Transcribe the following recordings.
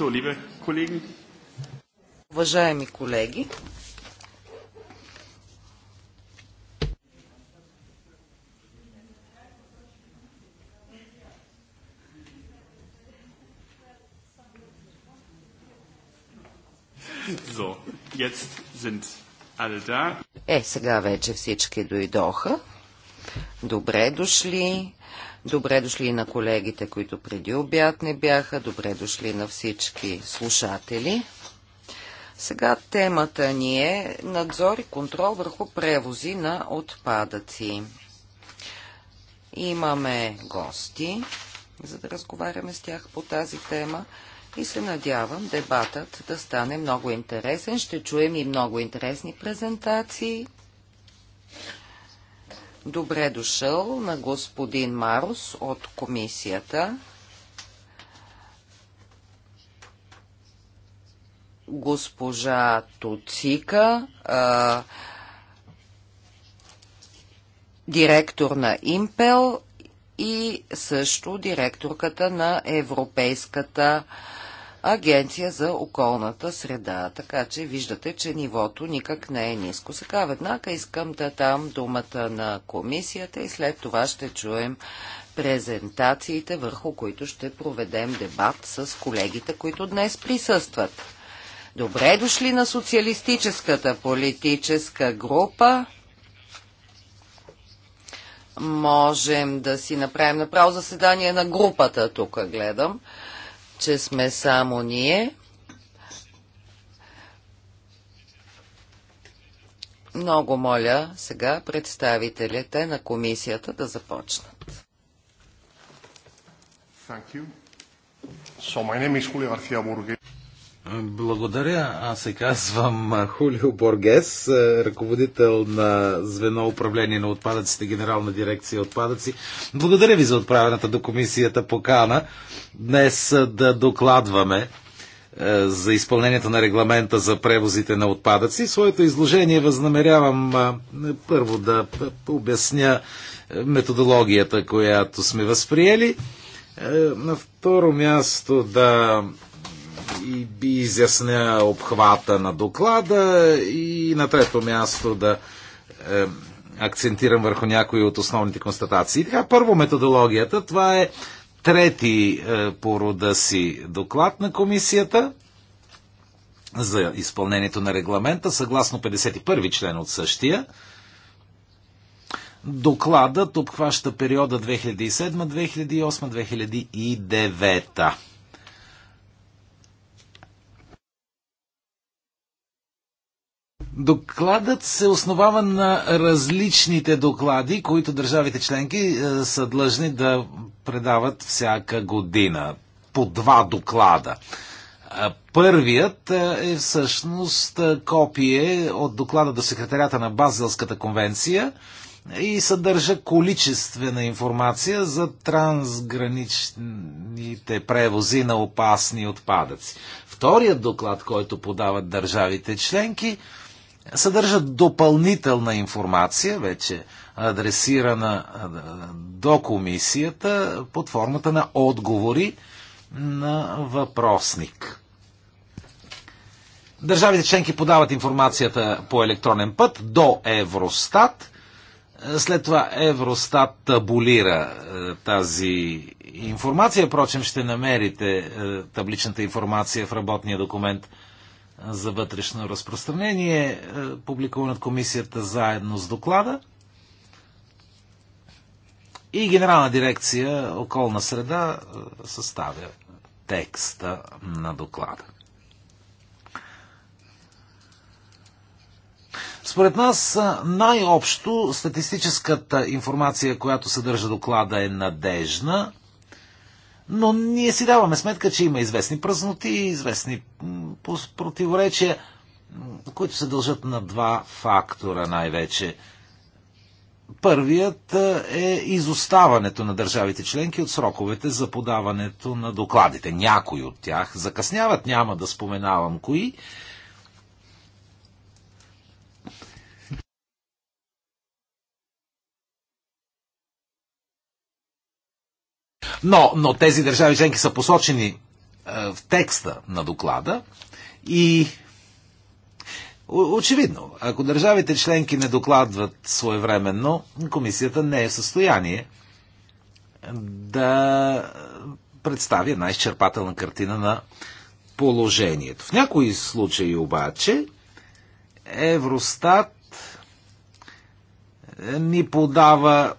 So, liebe Kollegen. Уважаеми колеги, So, jetzt sind alle da. Е, сега вече всички дойдоха. Добре дошли. Добре дошли на колегите, които преди обяд не бяха. Добре дошли на всички слушатели. Сега темата ни е надзор и контрол върху превози на отпадъци. Имаме гости, за да разговаряме с тях по тази тема и се надявам дебатът да стане много интересен. Ще чуем и много интересни презентации Добре дошъл на господин Марус от комисията. Госпожа Тоцика, а, директор на Импел и също директорката на Европейската а, Агенция за околната среда. Така че виждате, че нивото никак не е ниско. Сега веднага искам да дам думата на комисията и след това ще чуем презентациите, върху които ще проведем дебат с колегите, които днес присъстват. Добре дошли на социалистическата политическа група. Можем да си направим направо заседание на групата, тук гледам че сме само ние. Много моля сега представителите на комисията да започнат. Thank you. So my name is Julio García Burgues. Благодаря. Аз се казвам Хулио Боргес, е, ръководител на звено управление на отпадъците, генерална дирекция отпадъци. Благодаря ви за отправената до комисията покана днес е, да докладваме е, за изпълнението на регламента за превозите на отпадъци. Своето изложение възнамерявам първо да обясня методологията, която сме възприели. На второ място да и би изясня обхвата на доклада и на трето място да е, акцентирам върху някои от основните констатации. така, първо методологията. Това е трети е, по рода си доклад на комисията за изпълнението на регламента, съгласно 51 член от същия. Докладът обхваща периода 2007, 2008, 2009. Докладът се основава на различните доклади, които държавите членки е, са длъжни да предават всяка година. По два доклада. Е, първият е, е всъщност копие от доклада до секретарята на Базелската конвенция и съдържа количествена информация за трансграничните превози на опасни отпадъци. Вторият доклад, който подават държавите членки, съдържат допълнителна информация, вече адресирана до комисията под формата на отговори на въпросник. Държавите членки подават информацията по електронен път до Евростат. След това Евростат табулира е, тази информация. Впрочем, ще намерите е, табличната информация в работния документ за вътрешно разпространение, е, публикуван от комисията заедно с доклада. И Генерална дирекция околна среда е, съставя текста на доклада. Според нас е, най-общо статистическата информация, която съдържа доклада е надежна, но ние си даваме сметка, че има известни празноти, известни противоречия, които се дължат на два фактора най-вече. Първият е, е изоставането на държавите членки от сроковете за подаването на докладите. Някои от тях закъсняват, няма да споменавам кои, Но, но тези държави членки са посочени е, в текста на доклада и очевидно, ако държавите членки не докладват своевременно, комисията не е в състояние да представи една изчерпателна картина на положението. В някои случаи обаче Евростат ни подава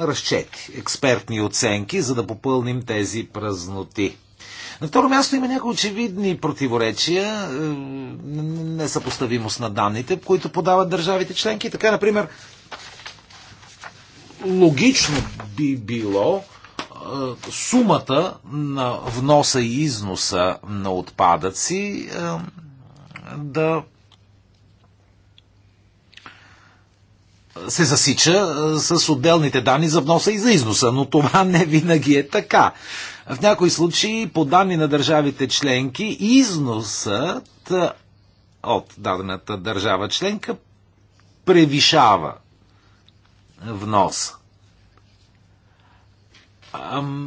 разчети, експертни оценки, за да попълним тези празноти. На второ място има някои очевидни противоречия, е, несъпоставимост на данните, които подават държавите членки. Така, например, логично би било е, сумата на вноса и износа на отпадъци е, да се засича с отделните данни за вноса и за износа, но това не винаги е така. В някои случаи, по данни на държавите членки, износът от дадената държава членка превишава вноса.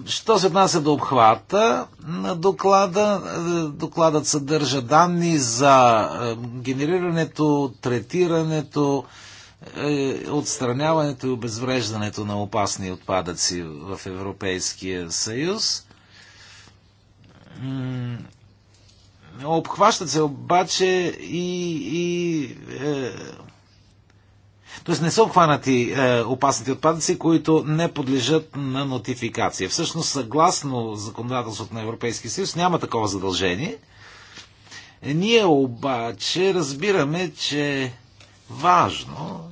Що се отнася до обхвата на доклада, докладът съдържа данни за генерирането, третирането, е, отстраняването и обезвреждането на опасни отпадъци в Европейския съюз. Обхващат се обаче и. и е, Тоест не са обхванати е, опасните отпадъци, които не подлежат на нотификация. Всъщност, съгласно законодателството на Европейския съюз, няма такова задължение. Ние обаче разбираме, че важно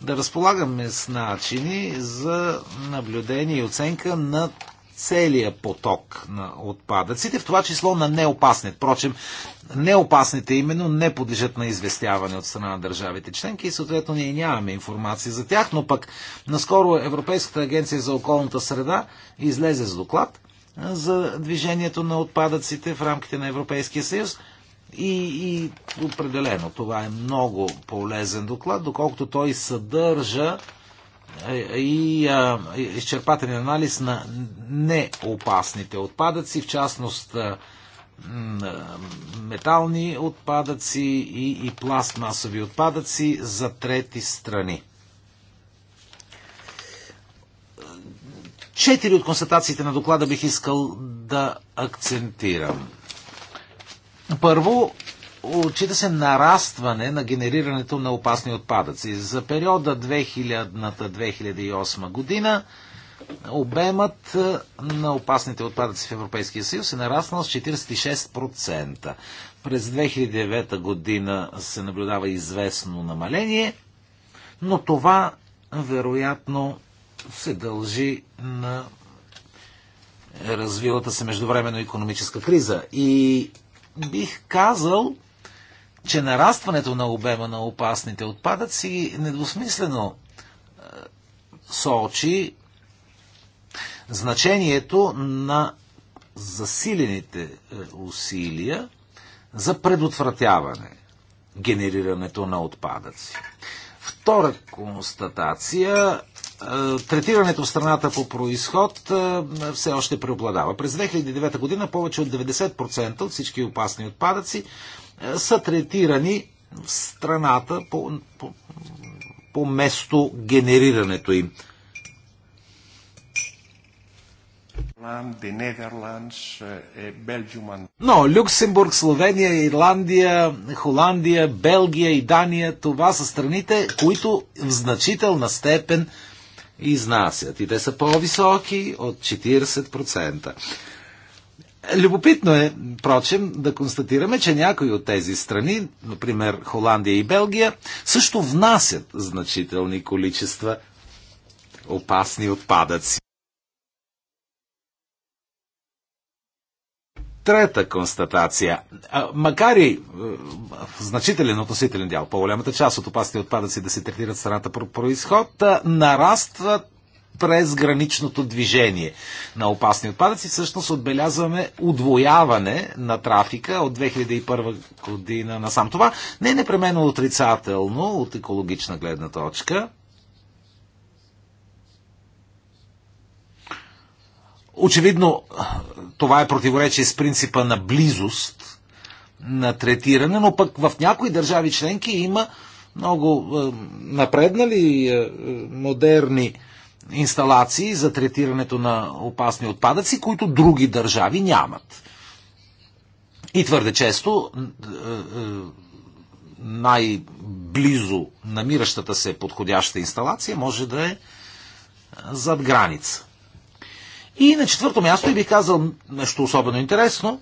да разполагаме с начини за наблюдение и оценка на целия поток на отпадъците, в това число на неопасните. Впрочем, неопасните именно не подлежат на известяване от страна на държавите членки и съответно ние нямаме информация за тях, но пък наскоро Европейската агенция за околната среда излезе с доклад за движението на отпадъците в рамките на Европейския съюз – и, и определено това е много полезен доклад, доколкото той съдържа е, и а, изчерпателен анализ на неопасните отпадъци, в частност метални отпадъци и, и пластмасови отпадъци за трети страни. Четири от констатациите на доклада бих искал да акцентирам. Първо, отчита се нарастване на генерирането на опасни отпадъци. За периода 2000-2008 година обемът на опасните отпадъци в Европейския съюз е нараснал с 46%. През 2009 година се наблюдава известно намаление, но това вероятно се дължи на развилата се междувременно економическа криза. И бих казал, че нарастването на обема на опасните отпадъци недвусмислено е, сочи значението на засилените е, усилия за предотвратяване генерирането на отпадъци. Втора констатация е, третирането в страната по происход е, все още преобладава. През 2009 година повече от 90% от всички опасни отпадъци е, са третирани в страната по, по, по место генерирането им. Но Люксембург, Словения, Ирландия, Холандия, Белгия и Дания, това са страните, които в значителна степен изнасят. И те са по-високи от 40%. Любопитно е, прочем, да констатираме, че някои от тези страни, например Холандия и Белгия, също внасят значителни количества опасни отпадъци. Трета констатация. Макар и е, в значителен относителен дял, по-голямата част от опасните отпадъци да се третират в страната по происход, нараства през граничното движение на опасни отпадъци. Всъщност отбелязваме удвояване на трафика от 2001 година насам. Това не е непременно отрицателно от екологична гледна точка. Очевидно, това е противоречие с принципа на близост на третиране, но пък в някои държави членки има много е, напреднали е, модерни инсталации за третирането на опасни отпадъци, които други държави нямат. И твърде често е, е най-близо намиращата се подходяща инсталация може да е, е зад граница. И на четвърто място, и бих казал нещо особено интересно,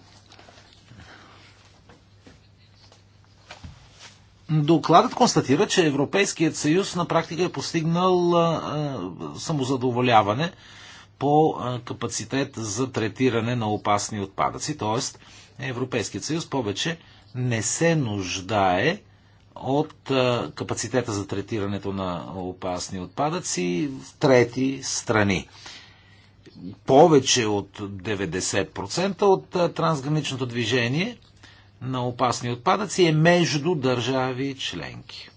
Докладът констатира, че Европейският съюз на практика е постигнал самозадоволяване по капацитет за третиране на опасни отпадъци. Тоест, Европейският съюз повече не се нуждае от капацитета за третирането на опасни отпадъци в трети страни повече от 90% от трансграничното движение на опасни отпадъци е между държави членки.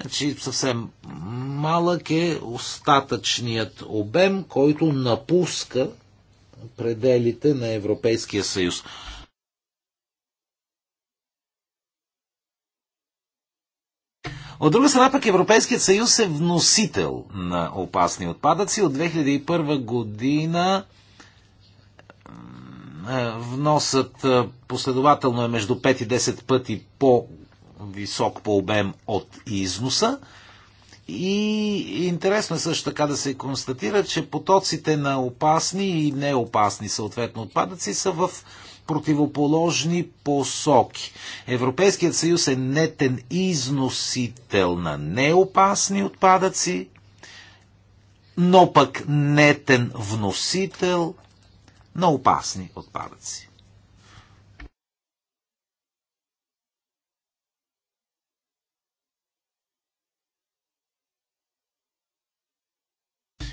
Значи съвсем малък е остатъчният обем, който напуска пределите на Европейския съюз. От друга страна пък Европейският съюз е вносител на опасни отпадъци. От 2001 година е, вносът е, последователно е между 5 и 10 пъти по-висок по обем от износа. И интересно е също така да се констатира, че потоците на опасни и неопасни съответно отпадъци са в противоположни посоки. Европейският съюз е нетен износител на неопасни отпадъци, но пък нетен вносител на опасни отпадъци.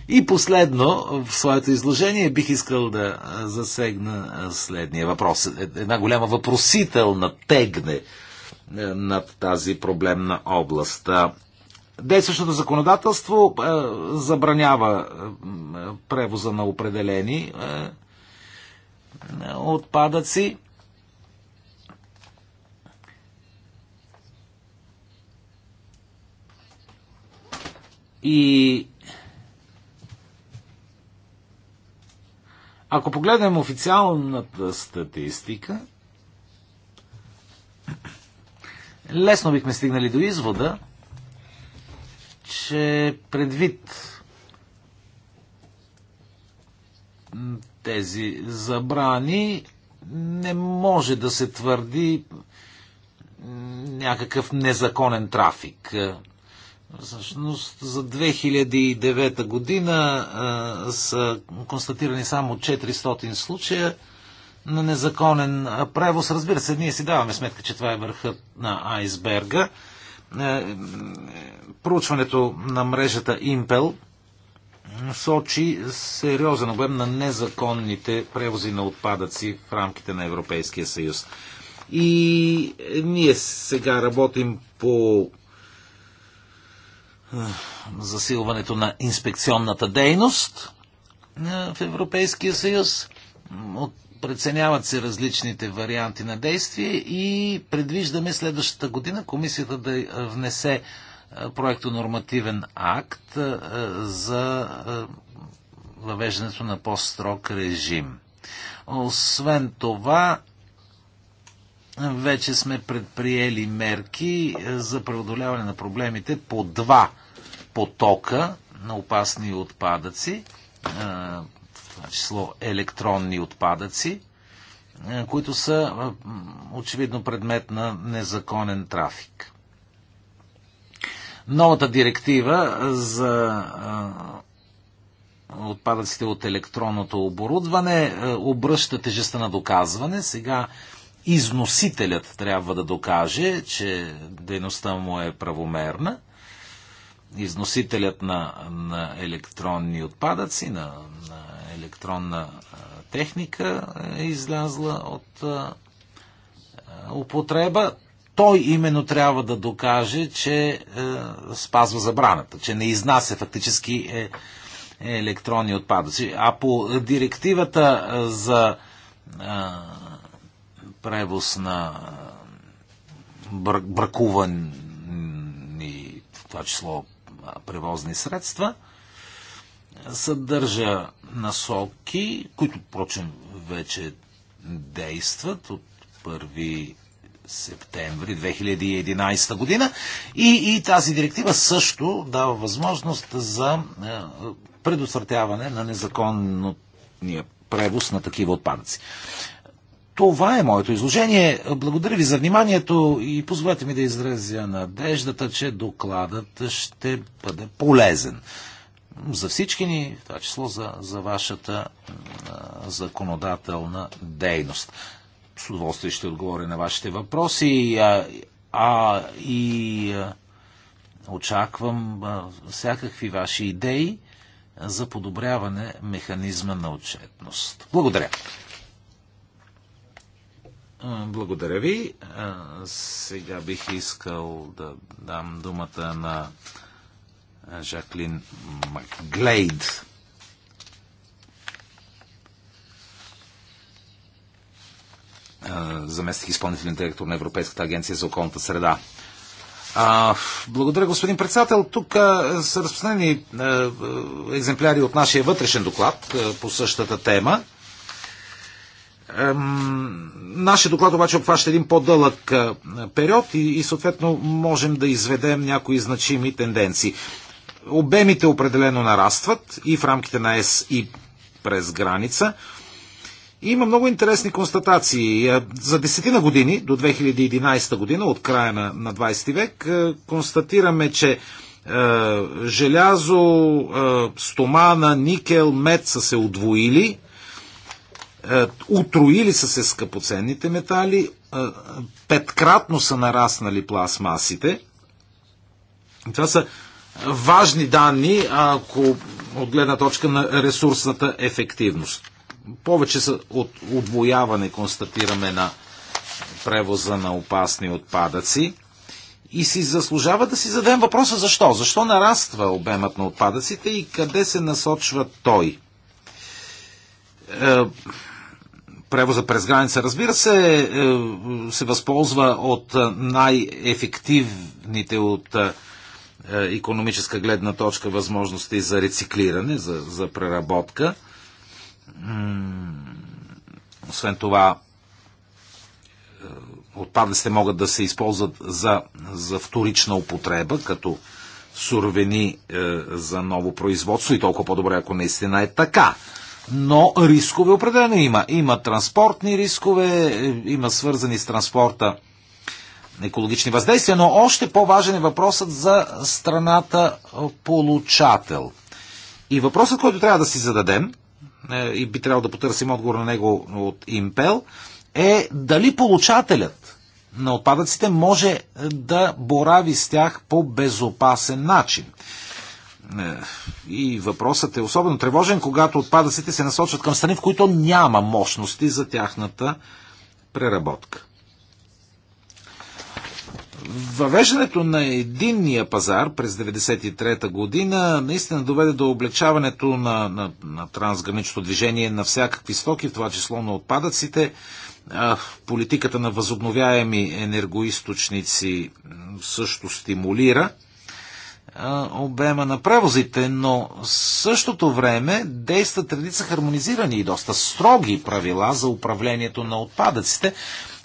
И последно, в своето изложение бих искал да засегна следния въпрос. Е, една голяма въпросителна тегне е, над тази проблемна област. Действащото законодателство е, забранява превоза на определени отпадъци. И Ако погледнем официалната статистика, лесно бихме стигнали до извода, че предвид тези забрани не може да се твърди някакъв незаконен трафик. Всъщност за 2009 година а, са констатирани само 400 случая на незаконен превоз. Разбира се, ние си даваме сметка, че това е върхът на айсберга. Е, проучването на мрежата Impel сочи сериозен обем на незаконните превози на отпадъци в рамките на Европейския съюз. И е, ние сега работим по засилването на инспекционната дейност в Европейския съюз. Преценяват се различните варианти на действие и предвиждаме следващата година комисията да внесе проекто нормативен акт за въвеждането на по-строг режим. Освен това, вече сме предприели мерки е, за преодоляване на проблемите по два потока на опасни отпадъци, в е, това число електронни отпадъци, е, които са очевидно предмет на незаконен трафик. Новата директива за отпадъците от електронното оборудване обръща тежеста на доказване. Сега износителят трябва да докаже, че дейността му е правомерна. Износителят на, на електронни отпадъци, на, на електронна техника е излязла от а, употреба. Той именно трябва да докаже, че а, спазва забраната, че не изнася фактически е, е електронни отпадъци. А по директивата за превоз на бракувани, в това число превозни средства, съдържа насоки, които, впрочем, вече действат от 1 септември 2011 година. И, и тази директива също дава възможност за предотвратяване на незаконния превоз на такива отпадъци. Това е моето изложение. Благодаря ви за вниманието и позволете ми да изразя надеждата, че докладът ще бъде полезен за всички ни, в това число за, за вашата а, законодателна дейност. С удоволствие ще отговоря на вашите въпроси, а, а и а, очаквам а, всякакви ваши идеи за подобряване механизма на отчетност. Благодаря. Благодаря ви. Сега бих искал да дам думата на Жаклин Макглейд. заместих изпълнителен директор на Европейската агенция за околната среда. А, благодаря, господин председател. Тук а, са разпространени а, екземпляри от нашия вътрешен доклад а, по същата тема. Нашия доклад обаче обхваща един по-дълъг е, период и, и съответно можем да изведем някои значими тенденции. Обемите определено нарастват и в рамките на ЕС и през граница. И има много интересни констатации. Е, за десетина години, до 2011 година, от края на, на 20 век, е, констатираме, че е, желязо, е, стомана, никел, мед са се удвоили е, утроили са се скъпоценните метали, е, петкратно са нараснали пластмасите. Това са важни данни, ако от гледна точка на ресурсната ефективност. Повече са от отвояване, констатираме, на превоза на опасни отпадъци. И си заслужава да си зададем въпроса защо. Защо нараства обемът на отпадъците и къде се насочва той? Е, превоза през граница, разбира се, е, се възползва от е, най-ефективните от економическа гледна точка възможности за рециклиране, за, за преработка. Освен това, отпадъците могат да се използват за, за вторична употреба, като суровини за ново производство и толкова по-добре, ако наистина е така но рискове определено има. Има транспортни рискове, е, има свързани с транспорта екологични въздействия, но още по-важен е въпросът за страната получател. И въпросът, който трябва да си зададем, е, и би трябвало да потърсим отговор на него от Импел, е дали получателят на отпадъците може да борави с тях по безопасен начин. Е, и въпросът е особено тревожен, когато отпадъците се насочат към страни, в които няма мощности за тяхната преработка. Въвеждането на единния пазар през 1993 година наистина доведе до облегчаването на, на, на трансграничното движение на всякакви стоки, в това число на отпадъците. Политиката на възобновяеми енергоисточници също стимулира обема на превозите, но в същото време действат редица хармонизирани и доста строги правила за управлението на отпадъците,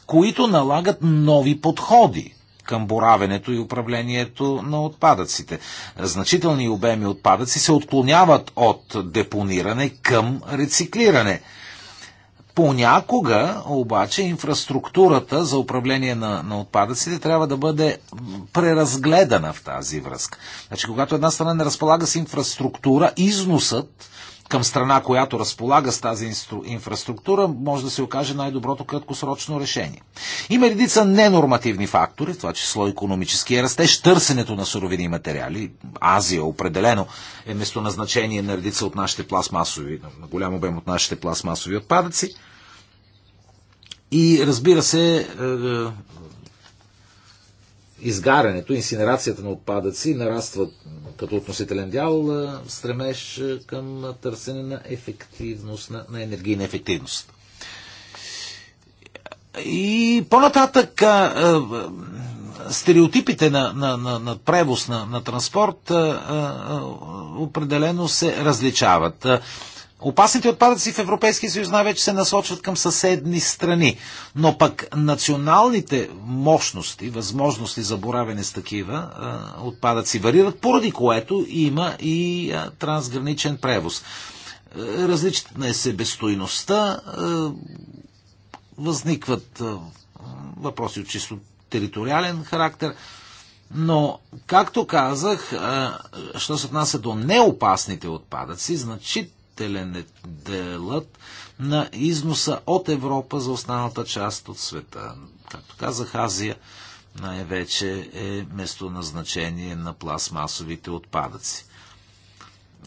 които налагат нови подходи към боравенето и управлението на отпадъците. Значителни обеми отпадъци се отклоняват от депониране към рециклиране – Понякога, обаче, инфраструктурата за управление на, на отпадъците трябва да бъде преразгледана в тази връзка. Значи, когато една страна не разполага с инфраструктура, износът към страна, която разполага с тази инфраструктура, може да се окаже най-доброто краткосрочно решение. Има редица ненормативни фактори, в това число економическия растеж, търсенето на суровини и материали. Азия определено е местоназначение на редица от нашите пластмасови, на голям обем от нашите пластмасови отпадъци. И разбира се, е, е, изгарянето, инсинерацията на отпадъци нараства като относителен дял стремеж към търсене на ефективност, на, на енергийна ефективност. И по-нататък стереотипите на, на, на, на превоз, на, на транспорт а, а, определено се различават. Опасните отпадъци в Европейския съюз най-вече се насочват към съседни страни, но пък националните мощности, възможности за боравене с такива отпадъци варират, поради което има и трансграничен превоз. Е, различна е себестойността, е, възникват е, въпроси от чисто териториален характер, но, както казах, що се отнася до неопасните отпадъци, значит, значителен е делът на износа от Европа за останалата част от света. Както казах, Азия най-вече е местоназначение на пластмасовите отпадъци.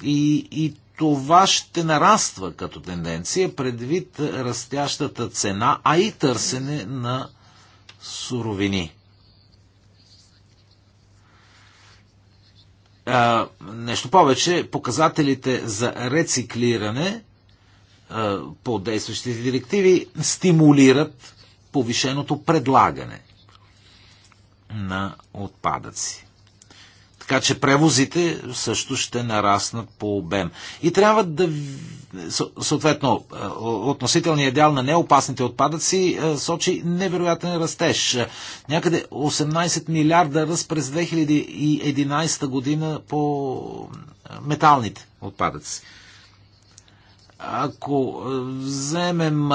И, и това ще нараства като тенденция предвид растящата цена, а и търсене на суровини. А, нещо повече, показателите за рециклиране а, по действащите директиви стимулират повишеното предлагане на отпадъци. Така че превозите също ще нараснат по обем. И трябва да. Съответно, е, относителният дял на неопасните отпадъци е, сочи невероятен растеж. Някъде 18 милиарда ръст през 2011 година по е, металните отпадъци. Ако вземем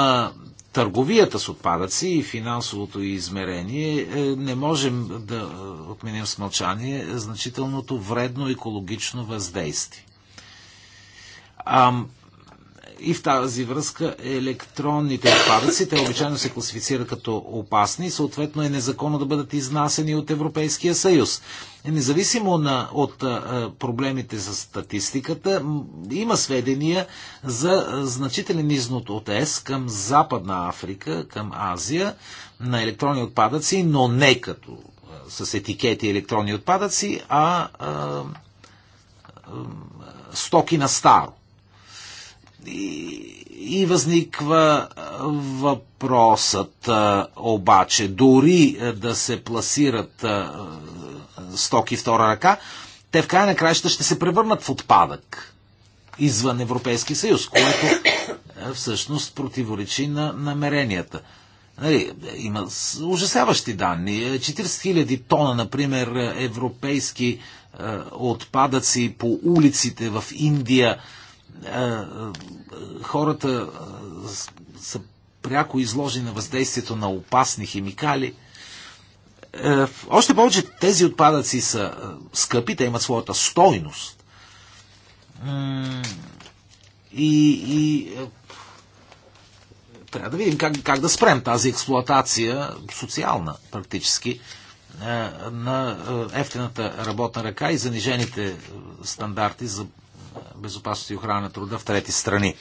търговията с отпадъци и финансовото измерение е, не можем да е, отменим с мълчание значителното вредно екологично въздействие. И в тази връзка електронните отпадъци, те обичайно се класифицират като опасни, съответно е незаконно да бъдат изнасени от Европейския съюз. Независимо на, от а, проблемите с статистиката, има сведения за значителен изнот от ЕС към Западна Африка, към Азия на електронни отпадъци, но не като а, с етикети електронни отпадъци, а, а, а стоки на старо и, възниква въпросът обаче, дори да се пласират стоки втора ръка, те в край на краища ще се превърнат в отпадък извън Европейски съюз, което всъщност противоречи на намеренията. Нали, има ужасяващи данни. 40 000 тона, например, европейски отпадъци по улиците в Индия е, е, хората е, са пряко изложени на въздействието на опасни химикали. Още повече тези отпадъци са скъпи, те имат своята стойност. И, и трябва да видим как, как да спрем тази експлоатация, социална практически, на ефтината работна ръка и занижените стандарти за безопасност и охрана на труда в трети страни.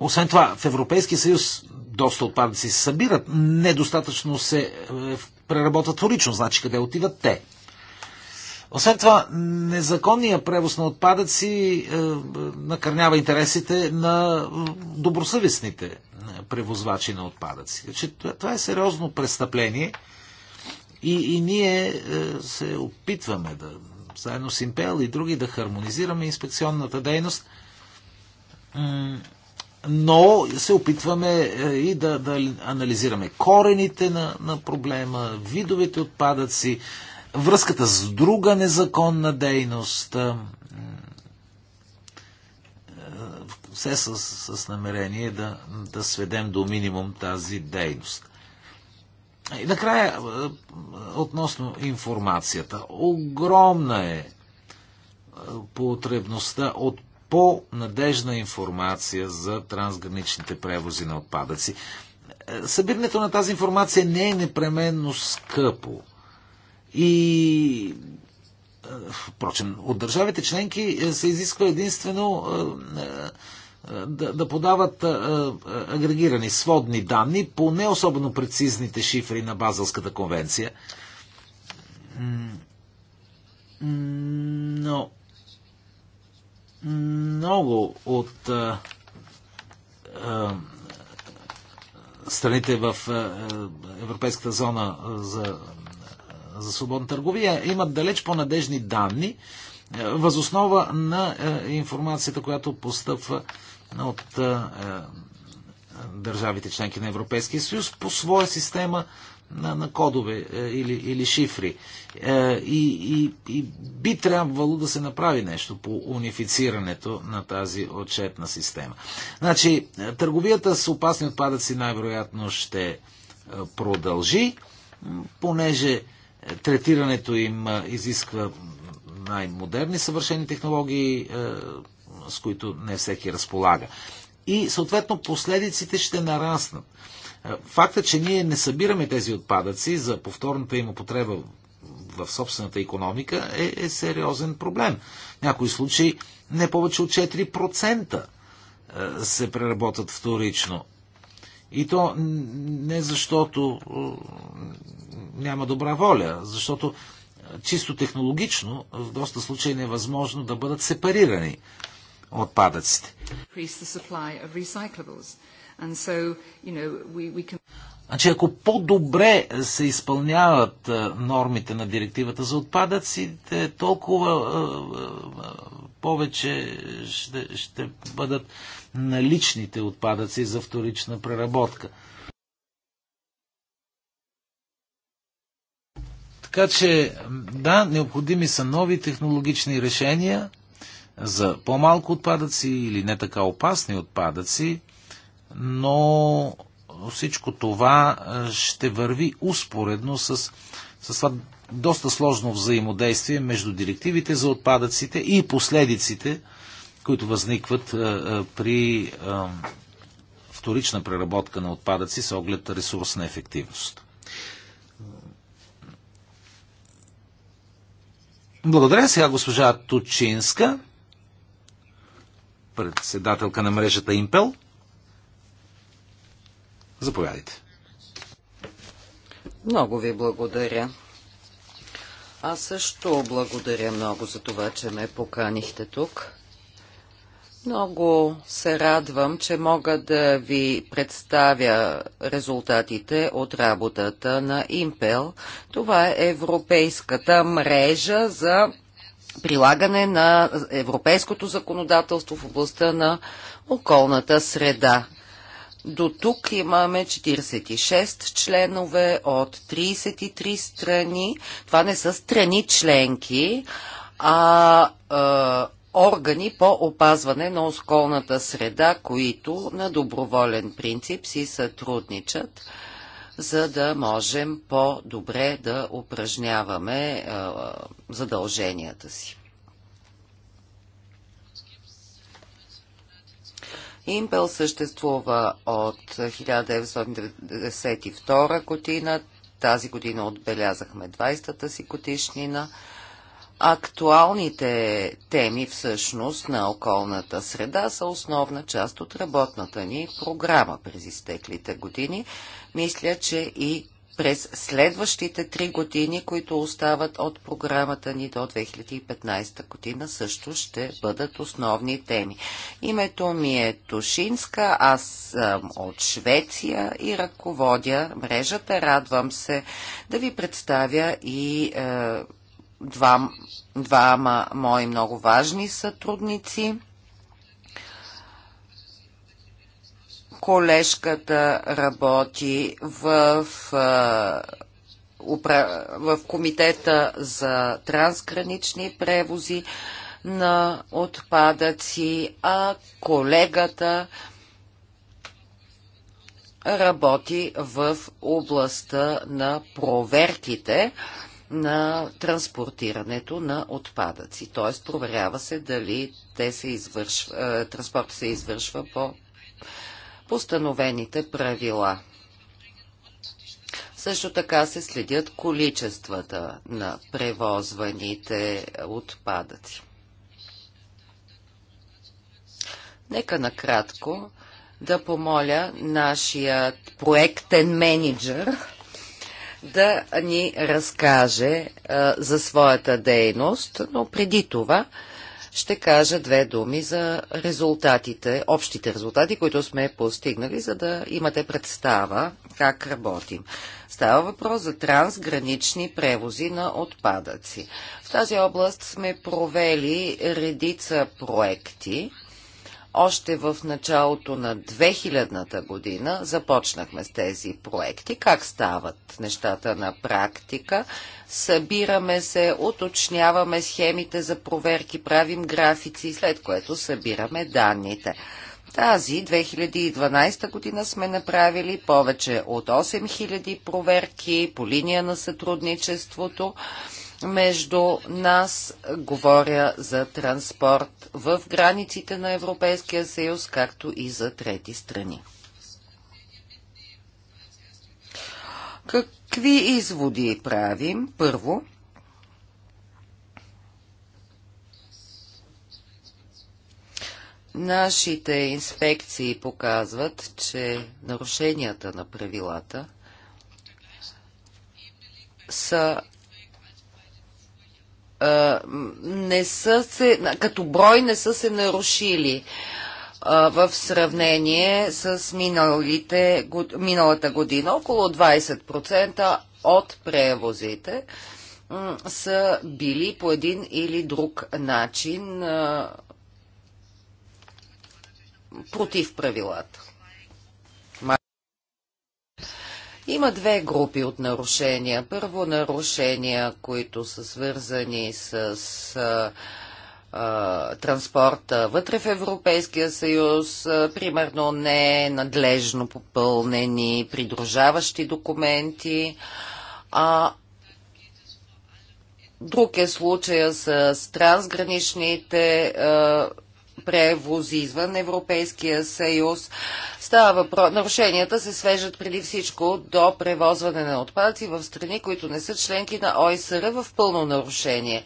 Освен това, в Европейския съюз доста отпадъци се събират, недостатъчно се е, преработват вторично, значи къде отиват те. Освен това, незаконният превоз на отпадъци е, е, накърнява интересите на добросъвестните превозвачи на отпадъци. Значи, това е сериозно престъпление, и, и ние е, се опитваме да, заедно с Импел и други, да хармонизираме инспекционната дейност, но се опитваме е, и да, да анализираме корените на, на проблема, видовете отпадъци, връзката с друга незаконна дейност, е, е, все с, с намерение да, да сведем до минимум тази дейност. И накрая, е, относно информацията. Огромна е, е потребността от по-надежна информация за трансграничните превози на отпадъци. Е, събирането на тази информация не е непременно скъпо. И впрочем, от държавите членки се изисква единствено да, да подават а, а, агрегирани сводни данни по не особено прецизните шифри на Базълската конвенция. Но много от а, а, страните в а, Европейската зона за, за свободна търговия имат далеч по-надежни данни, възоснова на е, информацията, която постъпва от е, е, държавите членки на Европейския съюз по своя система на, на кодове или, или шифри. И, и, и би трябвало да се направи нещо по унифицирането на тази отчетна система. Значи, търговията с опасни отпадъци най-вероятно ще продължи, понеже третирането им изисква най-модерни съвършени технологии, е, с които не всеки разполага. И съответно последиците ще нараснат. Е, факта, че ние не събираме тези отпадъци за повторната им употреба в собствената економика е, е сериозен проблем. В някои случаи не повече от 4% е, се преработват вторично. И то не защото няма добра воля, защото чисто технологично в доста случаи невъзможно е да бъдат сепарирани отпадъците. Значи ако по-добре се изпълняват е, нормите на директивата за отпадъците, толкова е, повече ще, ще бъдат наличните отпадъци за вторична преработка. Така че, да, необходими са нови технологични решения за по-малко отпадъци или не така опасни отпадъци, но всичко това ще върви успоредно с, с това доста сложно взаимодействие между директивите за отпадъците и последиците, които възникват при вторична преработка на отпадъци с оглед ресурсна ефективност. Благодаря сега госпожа Тучинска, председателка на мрежата Импел. Заповядайте. Много ви благодаря. Аз също благодаря много за това, че ме поканихте тук. Много се радвам, че мога да ви представя резултатите от работата на Impel. Това е европейската мрежа за прилагане на европейското законодателство в областта на околната среда. До тук имаме 46 членове от 33 страни. Това не са страни членки, а, а органи по опазване на околната среда, които на доброволен принцип си сътрудничат, за да можем по-добре да упражняваме е, задълженията си. Импел съществува от 1992 година. Тази година отбелязахме 20-та си годишнина. Актуалните теми всъщност на околната среда са основна част от работната ни програма през изтеклите години. Мисля, че и през следващите три години, които остават от програмата ни до 2015 година, също ще бъдат основни теми. Името ми е Тушинска, аз съм от Швеция и ръководя мрежата. Радвам се да ви представя и е, два, двама мои много важни сътрудници. Колежката работи в, в комитета за трансгранични превози на отпадъци, а колегата работи в областта на проверките на транспортирането на отпадъци. Т.е. проверява се дали те се извършва, е, транспорт се извършва по постановените правила. Също така се следят количествата на превозваните отпадъци. Нека накратко да помоля нашия проектен менеджер да ни разкаже а, за своята дейност, но преди това ще кажа две думи за резултатите, общите резултати, които сме постигнали, за да имате представа как работим. Става въпрос за трансгранични превози на отпадъци. В тази област сме провели редица проекти, още в началото на 2000-та година започнахме с тези проекти. Как стават нещата на практика? Събираме се, уточняваме схемите за проверки, правим графици, след което събираме данните. Тази 2012 година сме направили повече от 8000 проверки по линия на сътрудничеството между нас. Говоря за транспорт в границите на Европейския съюз, както и за трети страни. Какви изводи правим? Първо, Нашите инспекции показват, че нарушенията на правилата са не са се, като брой не са се нарушили в сравнение с миналите, миналата година. Около 20% от превозите са били по един или друг начин против правилата. Има две групи от нарушения. Първо нарушения, които са свързани с транспорта вътре в Европейския съюз, примерно не надлежно попълнени придружаващи документи. А друг е случая с трансграничните превози извън Европейския съюз. Става въпрос. Нарушенията се свежат преди всичко до превозване на отпадъци в страни, които не са членки на ОИСР в пълно нарушение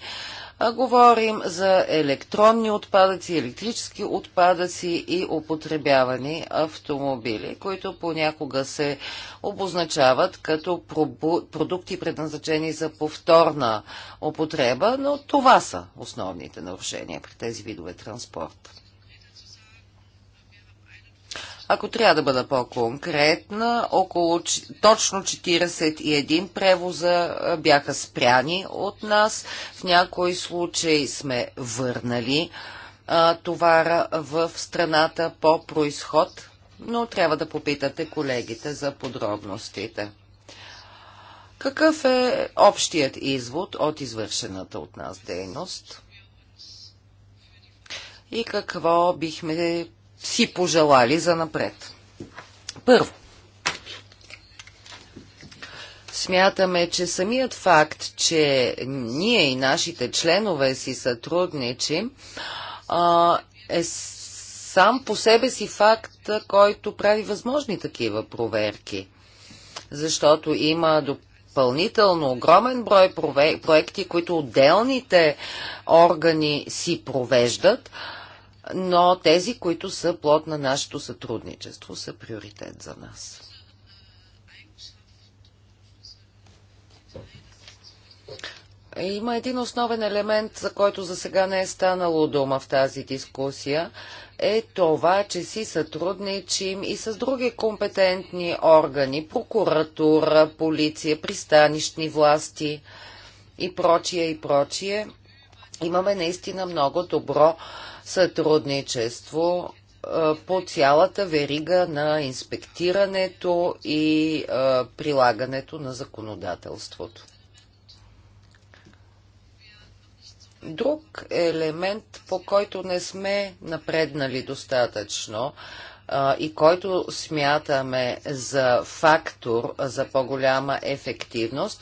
а говорим за електронни отпадъци, електрически отпадъци и употребявани автомобили, които понякога се обозначават като продукти предназначени за повторна употреба, но това са основните нарушения при тези видове транспорт. Ако трябва да бъда по-конкретна, около точно 41 превоза бяха спряни от нас. В някои случаи сме върнали а, товара в страната по происход, но трябва да попитате колегите за подробностите. Какъв е общият извод от извършената от нас дейност? И какво бихме си пожелали за напред. Първо, смятаме, че самият факт, че ние и нашите членове си сътрудничим, е сам по себе си факт, който прави възможни такива проверки. Защото има допълнително огромен брой проекти, които отделните органи си провеждат, но тези, които са плод на нашето сътрудничество, са приоритет за нас. Има един основен елемент, за който за сега не е станало дума в тази дискусия, е това, че си сътрудничим и с други компетентни органи, прокуратура, полиция, пристанищни власти и прочие и прочие Имаме наистина много добро сътрудничество по цялата верига на инспектирането и прилагането на законодателството. Друг елемент, по който не сме напреднали достатъчно, и който смятаме за фактор за по-голяма ефективност,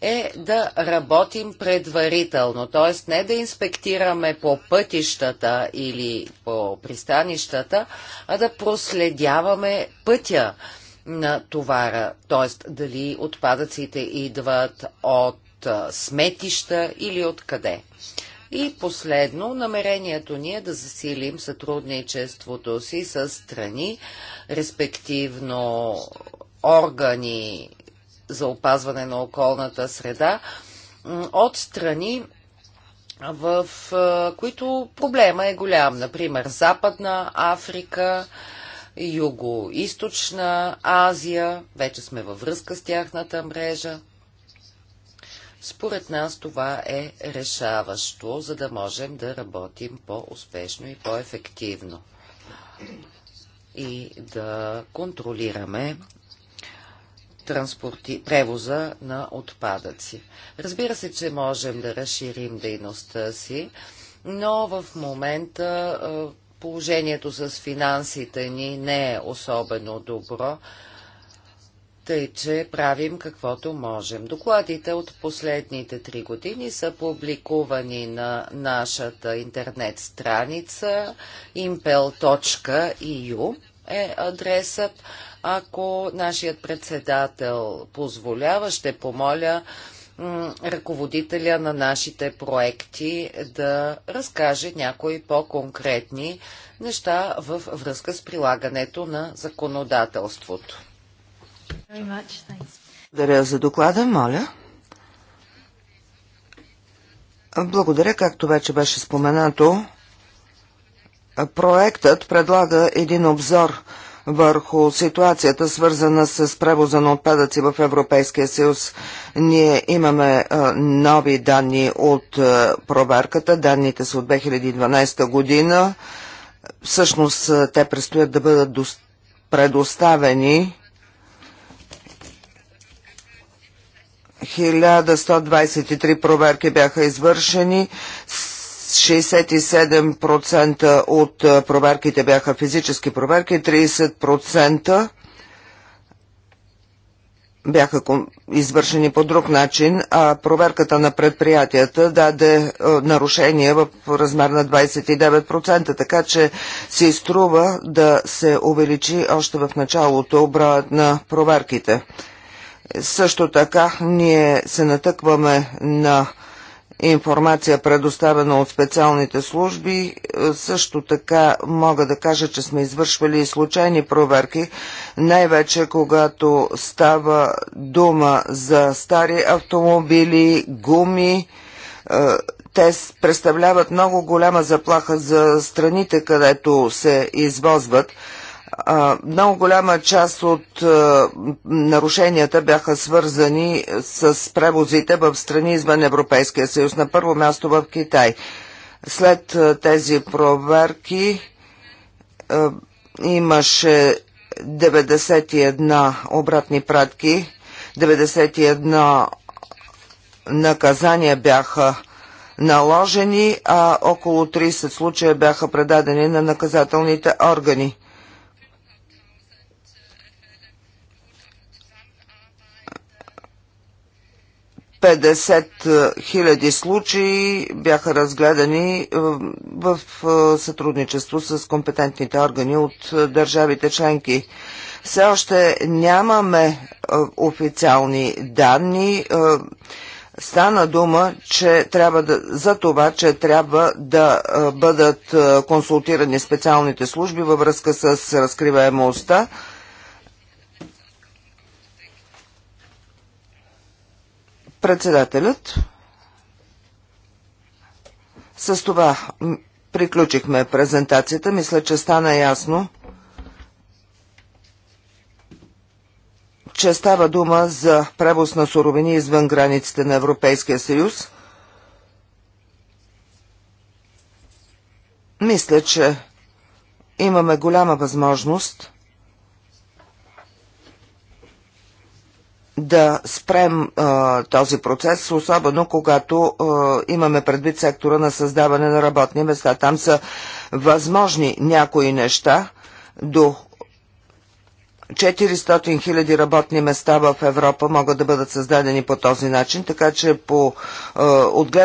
е да работим предварително, т.е. не да инспектираме по пътищата или по пристанищата, а да проследяваме пътя на товара, т.е. дали отпадъците идват от сметища или от къде. И последно, намерението ни е да засилим сътрудничеството си с страни, респективно органи за опазване на околната среда, от страни, в които проблема е голям. Например, Западна Африка, Юго-Източна Азия, вече сме във връзка с тяхната мрежа, според нас това е решаващо, за да можем да работим по-успешно и по-ефективно и да контролираме транспорти, превоза на отпадъци. Разбира се, че можем да разширим дейността си, но в момента положението с финансите ни не е особено добро тъй че правим каквото можем. Докладите от последните три години са публикувани на нашата интернет страница impel.eu е адресът. Ако нашият председател позволява, ще помоля ръководителя на нашите проекти да разкаже някои по-конкретни неща във връзка с прилагането на законодателството. Благодаря за доклада, моля. Благодаря, както вече беше споменато. Проектът предлага един обзор върху ситуацията, свързана с превоза на отпадъци в Европейския съюз. Ние имаме а, нови данни от а, проверката. Данните са от 2012 година. Всъщност те предстоят да бъдат предоставени 1123 проверки бяха извършени, 67% от проверките бяха физически проверки, 30% бяха извършени по друг начин, а проверката на предприятията даде нарушение в размер на 29%, така че се изтрува да се увеличи още в началото броят на проверките. Също така ние се натъкваме на информация, предоставена от специалните служби. Също така мога да кажа, че сме извършвали и случайни проверки, най-вече когато става дума за стари автомобили, гуми. Е, те представляват много голяма заплаха за страните, където се извозват. Много голяма част от нарушенията бяха свързани с превозите в страни извън Европейския съюз. На първо място в Китай. След тези проверки имаше 91 обратни пратки, 91 наказания бяха наложени, а около 30 случая бяха предадени на наказателните органи. 50 000 случаи бяха разгледани е, в е, сътрудничество с компетентните органи от е, държавите членки. Все още нямаме официални данни. Стана дума, че трябва да, за това, че трябва да бъдат консултирани специалните служби във връзка с разкриваемостта. Председателят. С това приключихме презентацията. Мисля, че стана ясно, че става дума за превоз на суровини извън границите на Европейския съюз. Мисля, че имаме голяма възможност да спрем а, този процес, особено когато а, имаме предвид сектора на създаване на работни места. Там са възможни някои неща, до 400 000 работни места в Европа могат да бъдат създадени по този начин, така че по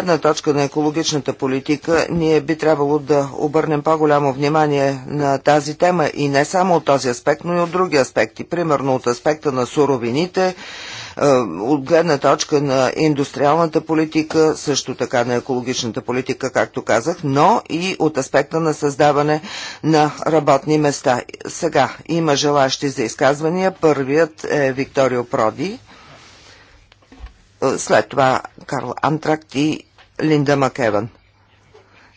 е, точка на екологичната политика ние би трябвало да обърнем по-голямо внимание на тази тема и не само от този аспект, но и от други аспекти. Примерно от аспекта на суровините е, от гледна точка на индустриалната политика, също така на екологичната политика, както казах, но и от аспекта на създаване на работни места. Сега има желащи за изказвания. Първият е Викторио Проди. Е, след това Карл Антракт и Линда Макеван.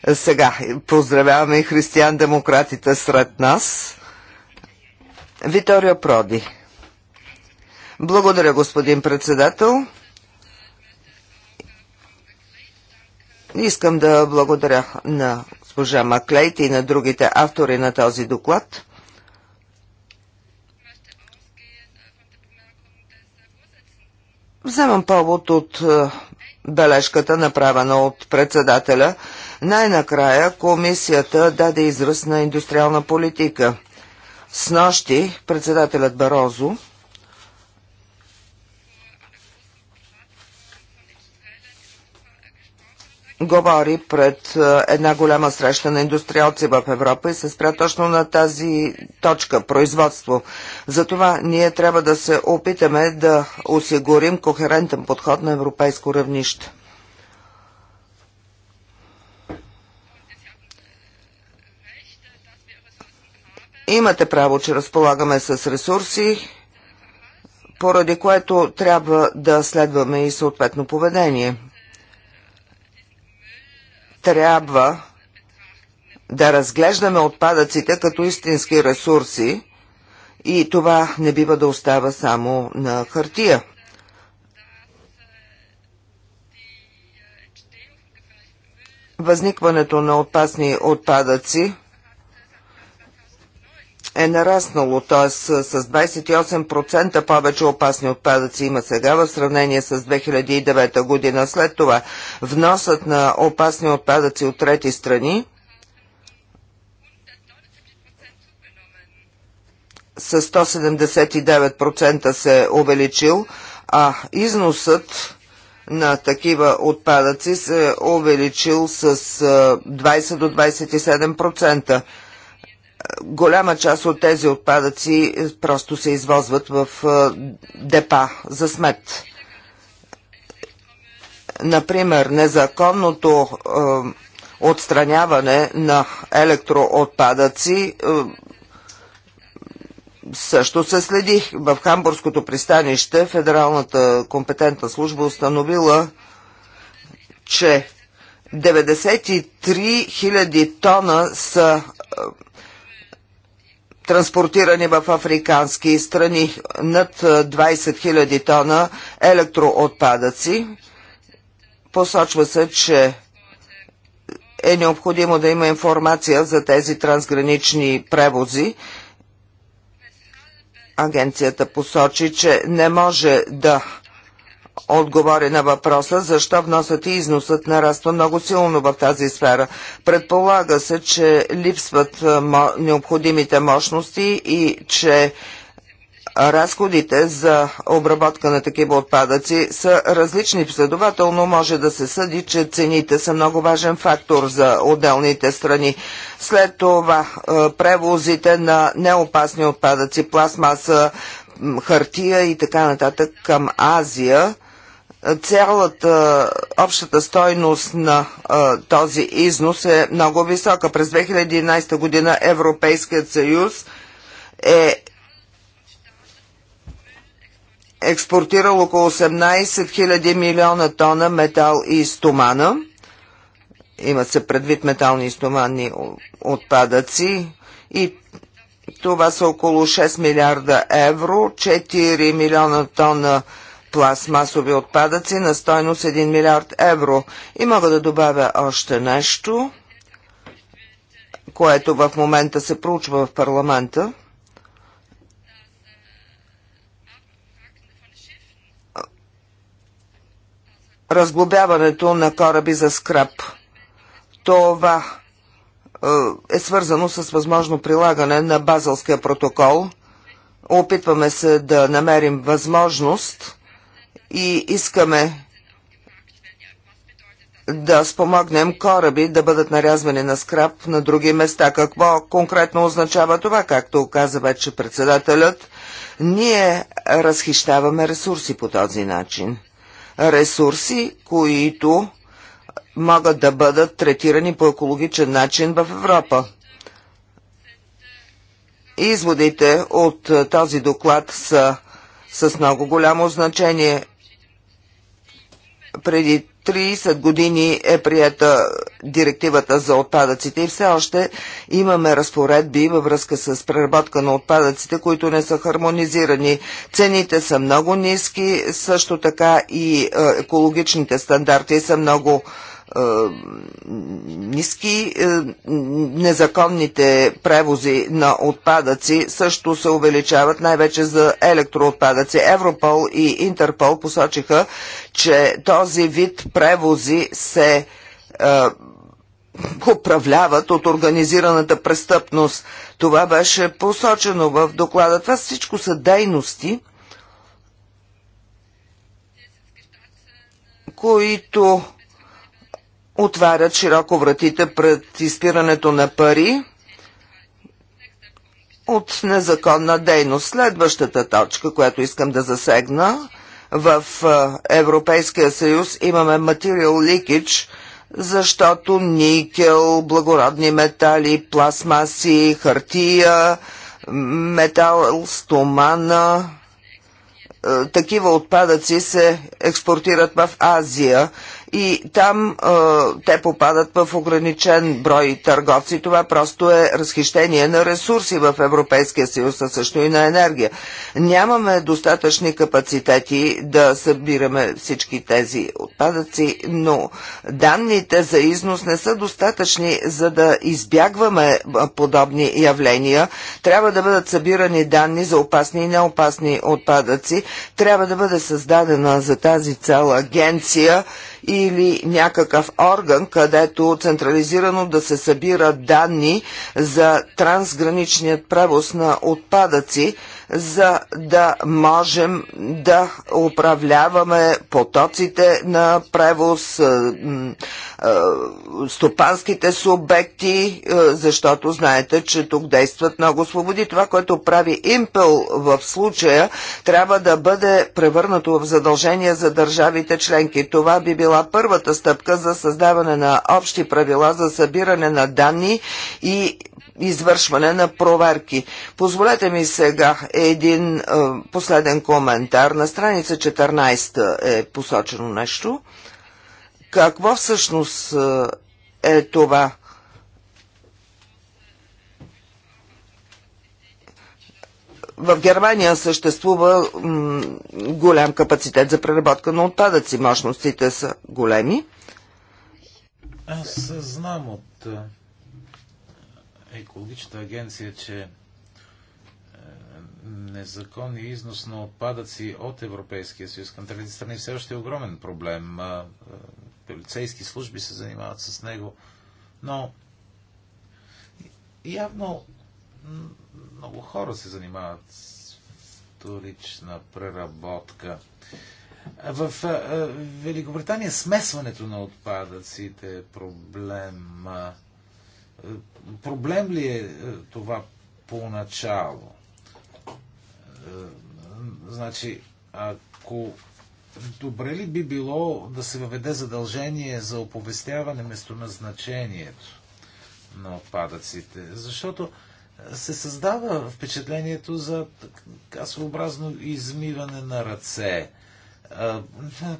Е, сега поздравяваме и християн-демократите сред нас. Виторио Проди. Благодаря, господин председател. Искам да благодаря на госпожа Маклейт и на другите автори на този доклад. Вземам повод от е, бележката, направена от председателя. Най-накрая комисията даде израз на индустриална политика. С нощи председателят Барозо говори пред е, една голяма среща на индустриалци в Европа и се спря точно на тази точка – производство. Затова ние трябва да се опитаме да осигурим кохерентен подход на европейско равнище. Имате право, че разполагаме с ресурси, поради което трябва да следваме и съответно поведение – трябва да разглеждаме отпадъците като истински ресурси и това не бива да остава само на хартия. Възникването на опасни отпадъци е нараснало, т.е. с 28% повече опасни отпадъци има сега в сравнение с 2009 година. След това вносът на опасни отпадъци от трети страни с 179% се е увеличил, а износът на такива отпадъци се увеличил с 20 до 27% голяма част от тези отпадъци просто се извозват в е, депа за смет. Например, незаконното е, отстраняване на електроотпадъци е, също се следи. В Хамбургското пристанище Федералната компетентна служба установила, че 93 000 тона са транспортирани в африкански страни над 20 000 тона електроотпадъци. Посочва се, че е необходимо да има информация за тези трансгранични превози. Агенцията посочи, че не може да отговори на въпроса, защо вносът и износът нараства много силно в тази сфера. Предполага се, че липсват необходимите мощности и че разходите за обработка на такива отпадъци са различни. Следователно може да се съди, че цените са много важен фактор за отделните страни. След това превозите на неопасни отпадъци, пластмаса, хартия и така нататък към Азия цялата общата стойност на а, този износ е много висока. През 2011 година Европейският съюз е експортирал около 18 000 милиона тона метал и стомана. Имат се предвид метални и стоманни отпадъци и това са около 6 милиарда евро, 4 милиона тона метал пластмасови отпадъци на стойност 1 милиард евро. И мога да добавя още нещо, което в момента се проучва в парламента. Разглобяването на кораби за скраб. Това е, е свързано с възможно прилагане на базалския протокол. Опитваме се да намерим възможност и искаме да спомогнем кораби да бъдат нарязвани на скраб на други места. Какво конкретно означава това, както каза вече председателят? Ние разхищаваме ресурси по този начин. Ресурси, които могат да бъдат третирани по екологичен начин в Европа. Изводите от този доклад са с много голямо значение преди 30 години е прията директивата за отпадъците и все още имаме разпоредби във връзка с преработка на отпадъците, които не са хармонизирани. Цените са много ниски, също така и е, екологичните стандарти са много е, ниски. Е, незаконните превози на отпадъци също се увеличават, най-вече за електроотпадъци. Европол и Интерпол посочиха, че този вид превози се е, управляват от организираната престъпност. Това беше посочено в доклада. Това всичко са дейности, които отварят широко вратите пред изпирането на пари от незаконна дейност. Следващата точка, която искам да засегна, в Европейския съюз имаме материал ликич, защото никел, благородни метали, пластмаси, хартия, метал, стомана, такива отпадъци се експортират в Азия и там а, те попадат в ограничен брой търговци. Това просто е разхищение на ресурси в Европейския съюз, а също и на енергия. Нямаме достатъчни капацитети да събираме всички тези отпадъци, но данните за износ не са достатъчни, за да избягваме подобни явления. Трябва да бъдат събирани данни за опасни и неопасни отпадъци. Трябва да бъде създадена за тази цяла агенция, или някакъв орган, където централизирано да се събират данни за трансграничният превоз на отпадъци, за да можем да управляваме потоците на превоз, е, е, стопанските субекти, е, защото знаете, че тук действат много свободи. Това, което прави импел в случая, трябва да бъде превърнато в задължение за държавите членки. Това би била първата стъпка за създаване на общи правила за събиране на данни и извършване на проверки. Позволете ми сега един е, последен коментар. На страница 14 е посочено нещо. Какво всъщност е, е това? в Германия съществува голям капацитет за преработка на отпадъци. Мощностите са големи. Аз знам от е, екологичната агенция, че е, незаконни, износ на отпадъци от Европейския съюз към трети страни все още е огромен проблем. Е, полицейски служби се занимават с него. Но явно много хора се занимават с вторична преработка. В е, Великобритания смесването на отпадъците е проблем. Проблем ли е, е това поначало? Е, значи, ако добре ли би било да се въведе задължение за оповестяване местоназначението на отпадъците? Защото е, се създава впечатлението за така своеобразно измиване на ръце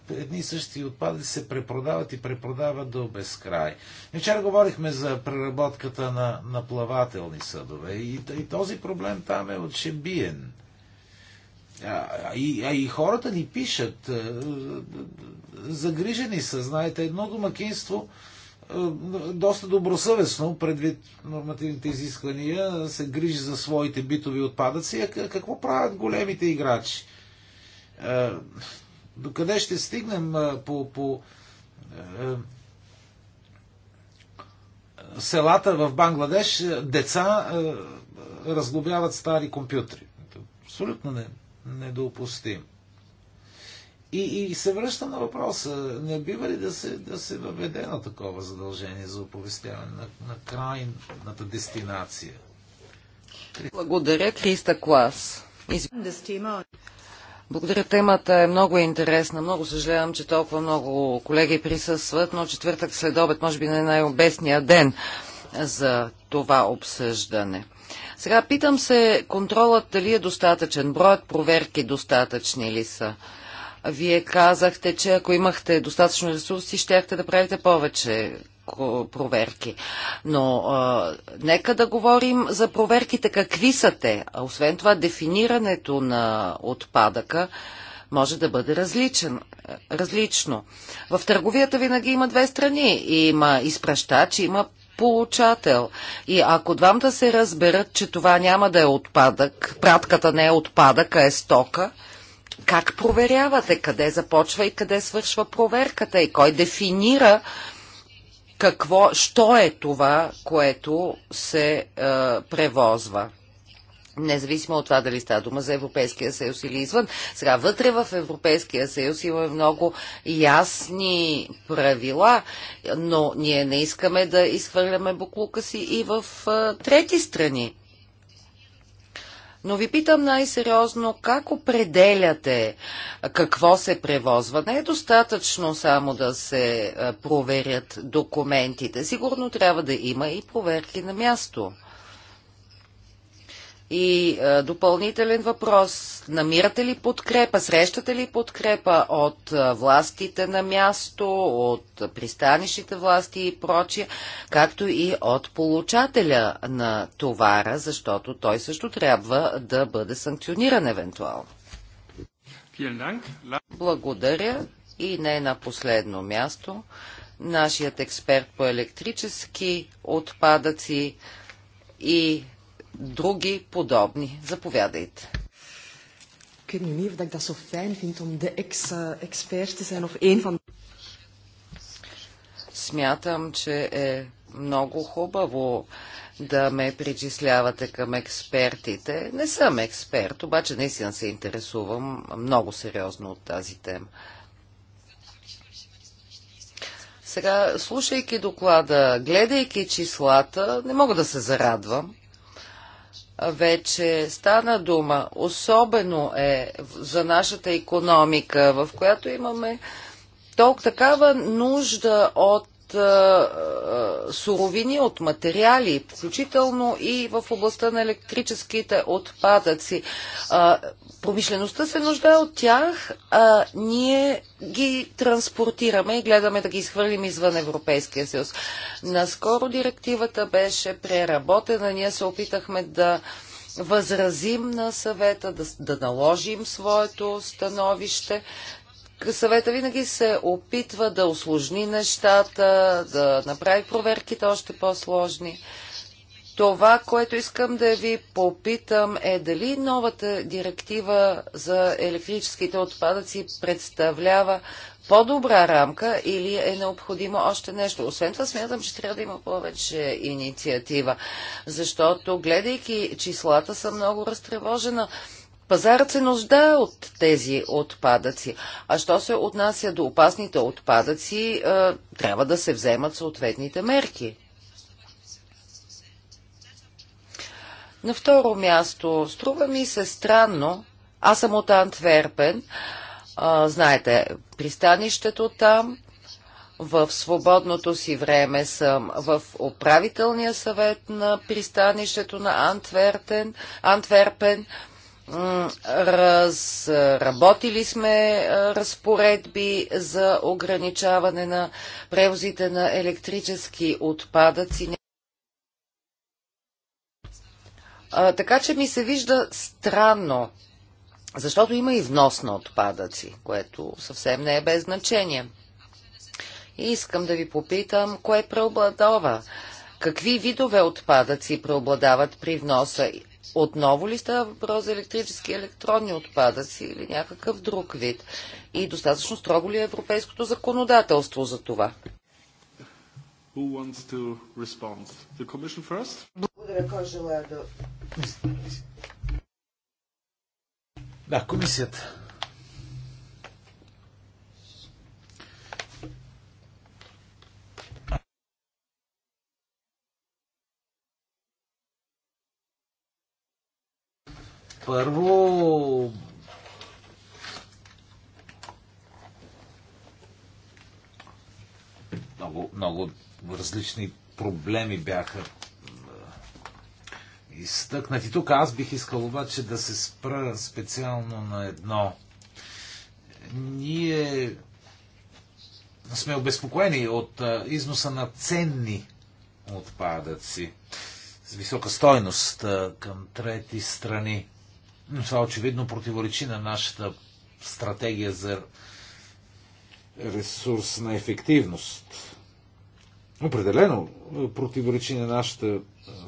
едни и същи отпадъци се препродават и препродават до безкрай. Вчера говорихме за преработката на, на плавателни съдове и, и този проблем там е отшебиен. А и, а и хората ни пишат, загрижени са, знаете, едно домакинство доста добросъвестно, предвид нормативните изисквания, се грижи за своите битови отпадъци. А какво правят големите играчи? докъде ще стигнем по, по е, селата в Бангладеш, е, деца е, разглобяват стари компютри. Абсолютно не, недопустим. И, и се връща на въпроса, не бива ли да се, да се въведе на такова задължение за оповестяване на, на крайната дестинация? Благодаря, Криста Клас. Благодаря. Темата е много интересна. Много съжалявам, че толкова много колеги присъстват, но четвъртък след обед може би не е най-обесния ден за това обсъждане. Сега питам се, контролът дали е достатъчен, броят проверки достатъчни ли са? Вие казахте, че ако имахте достатъчно ресурси, щяхте да правите повече проверки. Но а, нека да говорим за проверките, какви са те. А освен това, дефинирането на отпадъка може да бъде различен, различно. В търговията винаги има две страни. Има изпращач, има получател. И ако двамата се разберат, че това няма да е отпадък, пратката не е отпадък, а е стока, как проверявате къде започва и къде свършва проверката и кой дефинира какво, що е това, което се е, превозва. Независимо от това дали става дума за Европейския съюз или извън. Сега вътре в Европейския съюз има много ясни правила, но ние не искаме да изхвърляме буклука си и в е, трети страни. Но ви питам най-сериозно, как определяте какво се превозва? Не е достатъчно само да се е, проверят документите. Сигурно трябва да има и проверки на място. И а, е, допълнителен въпрос. Намирате ли подкрепа, срещате ли подкрепа от а, е, властите на място, от пристанищите власти и прочие, както и от получателя на товара, защото той също трябва да бъде санкциониран евентуално? Благодаря. И не на последно място, нашият експерт по електрически отпадъци и други подобни. Заповядайте. Ik weet niet of ik dat zo fijn vind om de ex-expert eh, te zijn of een van... Смятам, че е много хубаво да ме причислявате към експертите. Не съм експерт, обаче наистина се интересувам много сериозно от тази тема. Сега, слушайки доклада, гледайки числата, не мога да се зарадвам вече стана дума, особено е за нашата економика, в която имаме толкова такава нужда от а, суровини, от материали, включително и в областта на електрическите отпадъци. Промишлеността се нуждае от тях, а ние ги транспортираме и гледаме да ги изхвърлим извън Европейския съюз. Наскоро директивата беше преработена, ние се опитахме да възразим на съвета, да, да наложим своето становище, съвета винаги се опитва да осложни нещата, да направи проверките още по-сложни. Това, което искам да ви попитам е дали новата директива за електрическите отпадъци представлява по-добра рамка или е необходимо още нещо. Освен това смятам, че трябва да има повече инициатива, защото гледайки числата съм много разтревожена. Пазарът се нуждае от тези отпадъци. А що се отнася до опасните отпадъци, е, трябва да се вземат съответните мерки. На второ място, струва ми се странно, аз съм от Антверпен, а, е, знаете, пристанището там, в свободното си време съм в управителния съвет на пристанището на Антверпен, Антверпен Разработили сме разпоредби за ограничаване на превозите на електрически отпадъци. Така че ми се вижда странно, защото има и внос на отпадъци, което съвсем не е без значение. И искам да ви попитам, кое преобладава? Какви видове отпадъци преобладават при вноса? отново ли става въпрос за електрически електронни отпадъци или някакъв друг вид? И достатъчно строго ли е европейското законодателство за това? Who wants to respond? The commission first? Благодаря, кой желая да... Да, комисията. Първо, много, много различни проблеми бяха изтъкнати. Тук аз бих искал обаче да се спра специално на едно. Ние сме обезпокоени от износа на ценни отпадъци с висока стойност към трети страни. Но това очевидно противоречи на нашата стратегия за ресурсна ефективност. Определено противоречи на нашата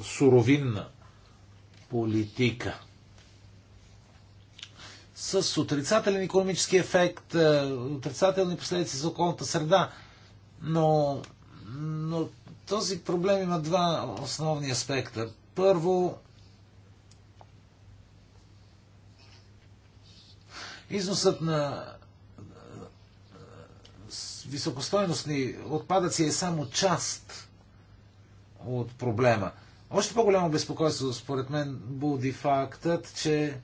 суровинна политика. С отрицателен економически ефект, е, отрицателни последици за околната среда, но, но този проблем има два основни аспекта. Първо, Износът на е, високостойностни отпадъци е само част от проблема. Още по-голямо безпокойство, според мен, буди фактът, че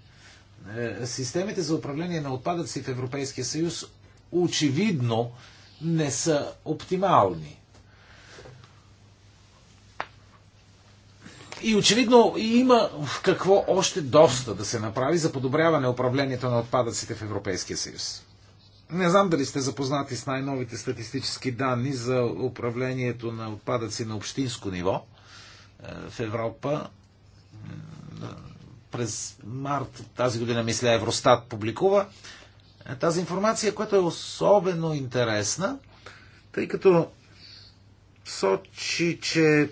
е, системите за управление на отпадъци в Европейския съюз очевидно не са оптимални. И очевидно има какво още доста да се направи за подобряване управлението на отпадъците в Европейския съюз. Не знам дали сте запознати с най-новите статистически данни за управлението на отпадъци на общинско ниво е, в Европа. Е, през март тази година, мисля, Евростат публикува е, тази информация, която е особено интересна, тъй като сочи, че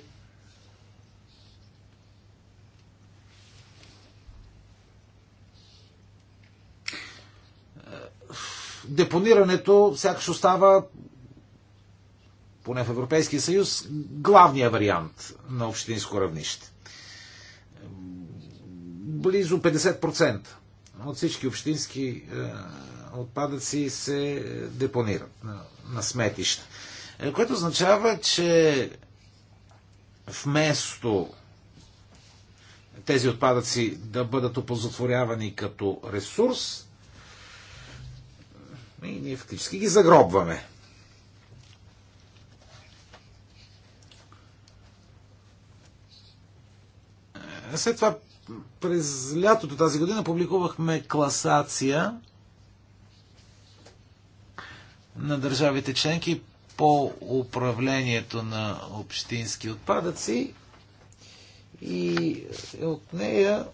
депонирането сякаш остава поне в Европейския съюз, главния вариант на общинско равнище. Близо 50% от всички общински е, отпадъци се депонират на, сметище. сметища. Е, което означава, че вместо тези отпадъци да бъдат опозотворявани като ресурс, и ние фактически ги загробваме. След това през лятото тази година публикувахме класация на държавите членки по управлението на общински отпадъци и от нея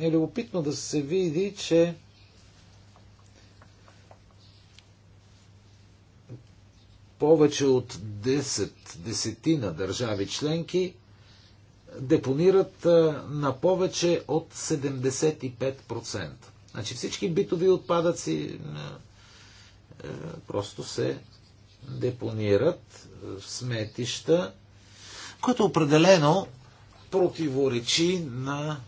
е любопитно да се види, че повече от 10 десетина държави членки депонират на повече от 75%. Значи всички битови отпадъци е, просто се депонират в сметища, което определено противоречи на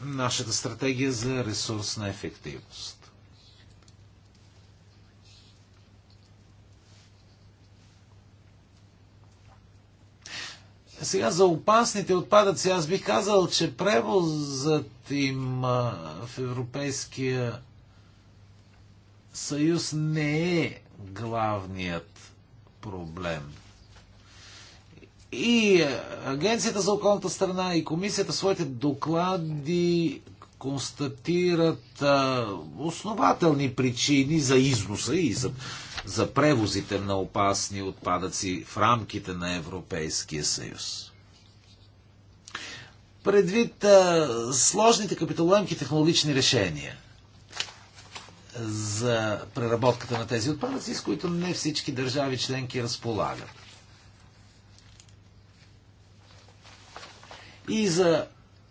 нашата стратегия за ресурсна ефективност. Сега за опасните отпадъци аз бих казал, че превозът им в Европейския съюз не е главният проблем. И Агенцията за околната страна и комисията своите доклади констатират а, основателни причини за износа и за, за превозите на опасни отпадъци в рамките на Европейския съюз. Предвид а, сложните капиталоемки технологични решения за преработката на тези отпадъци, с които не всички държави членки разполагат. И за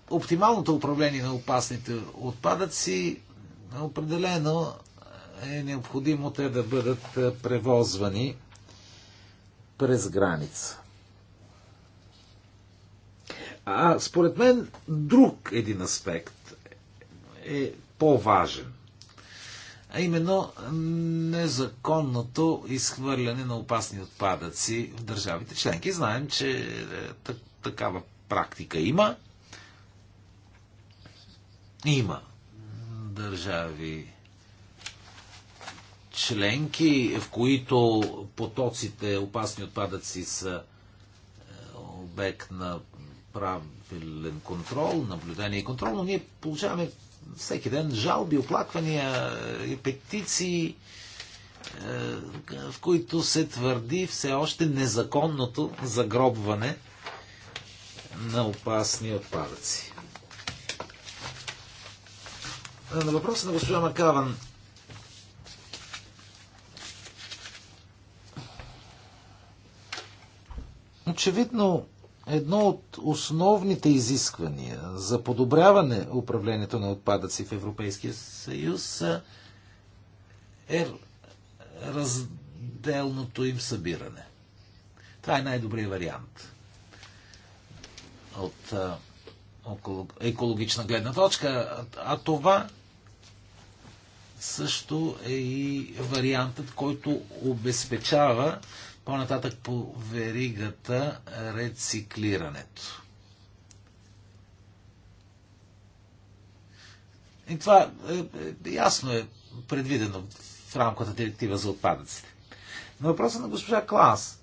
оптималното управление на опасните отпадъци определено е необходимо те да бъдат е, превозвани през граница. А според мен друг един аспект е по-важен. А именно незаконното изхвърляне на опасни отпадъци в държавите членки. Знаем, че е, такава практика има има държави членки, в които потоците опасни отпадъци са е, обект на правилен контрол, наблюдение и контрол, но ние получаваме всеки ден жалби, оплаквания е, и петиции, е, в които се твърди все още незаконното загробване на опасни отпадъци. Е, на въпроса на госпожа Макаван. Очевидно, едно от основните изисквания за подобряване управлението на отпадъци в Европейския съюз е, е разделното им събиране. Това е най-добрият вариант от е, екологична гледна точка. А това също е и вариантът, който обезпечава по-нататък по веригата рециклирането. И това е, е, ясно е предвидено в рамката директива за отпадъците. На въпроса на госпожа Клас.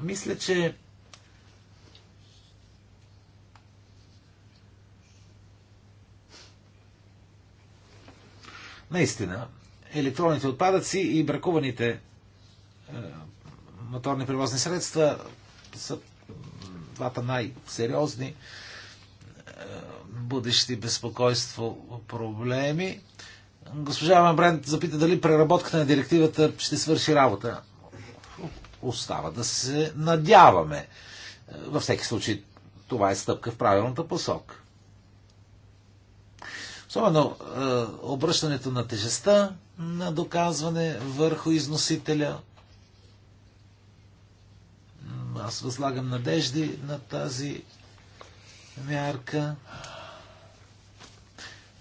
Мисля, че Наистина, електронните отпадъци и бракуваните е, моторни превозни средства са двата най-сериозни бъдещи будещи безпокойство проблеми. Госпожа Мамбрент запита дали преработката на директивата ще свърши работа. Остава да се надяваме. Е, във всеки случай това е стъпка в правилната посока. Особено е, обръщането на тежестта на доказване върху износителя. Аз възлагам надежди на тази мярка.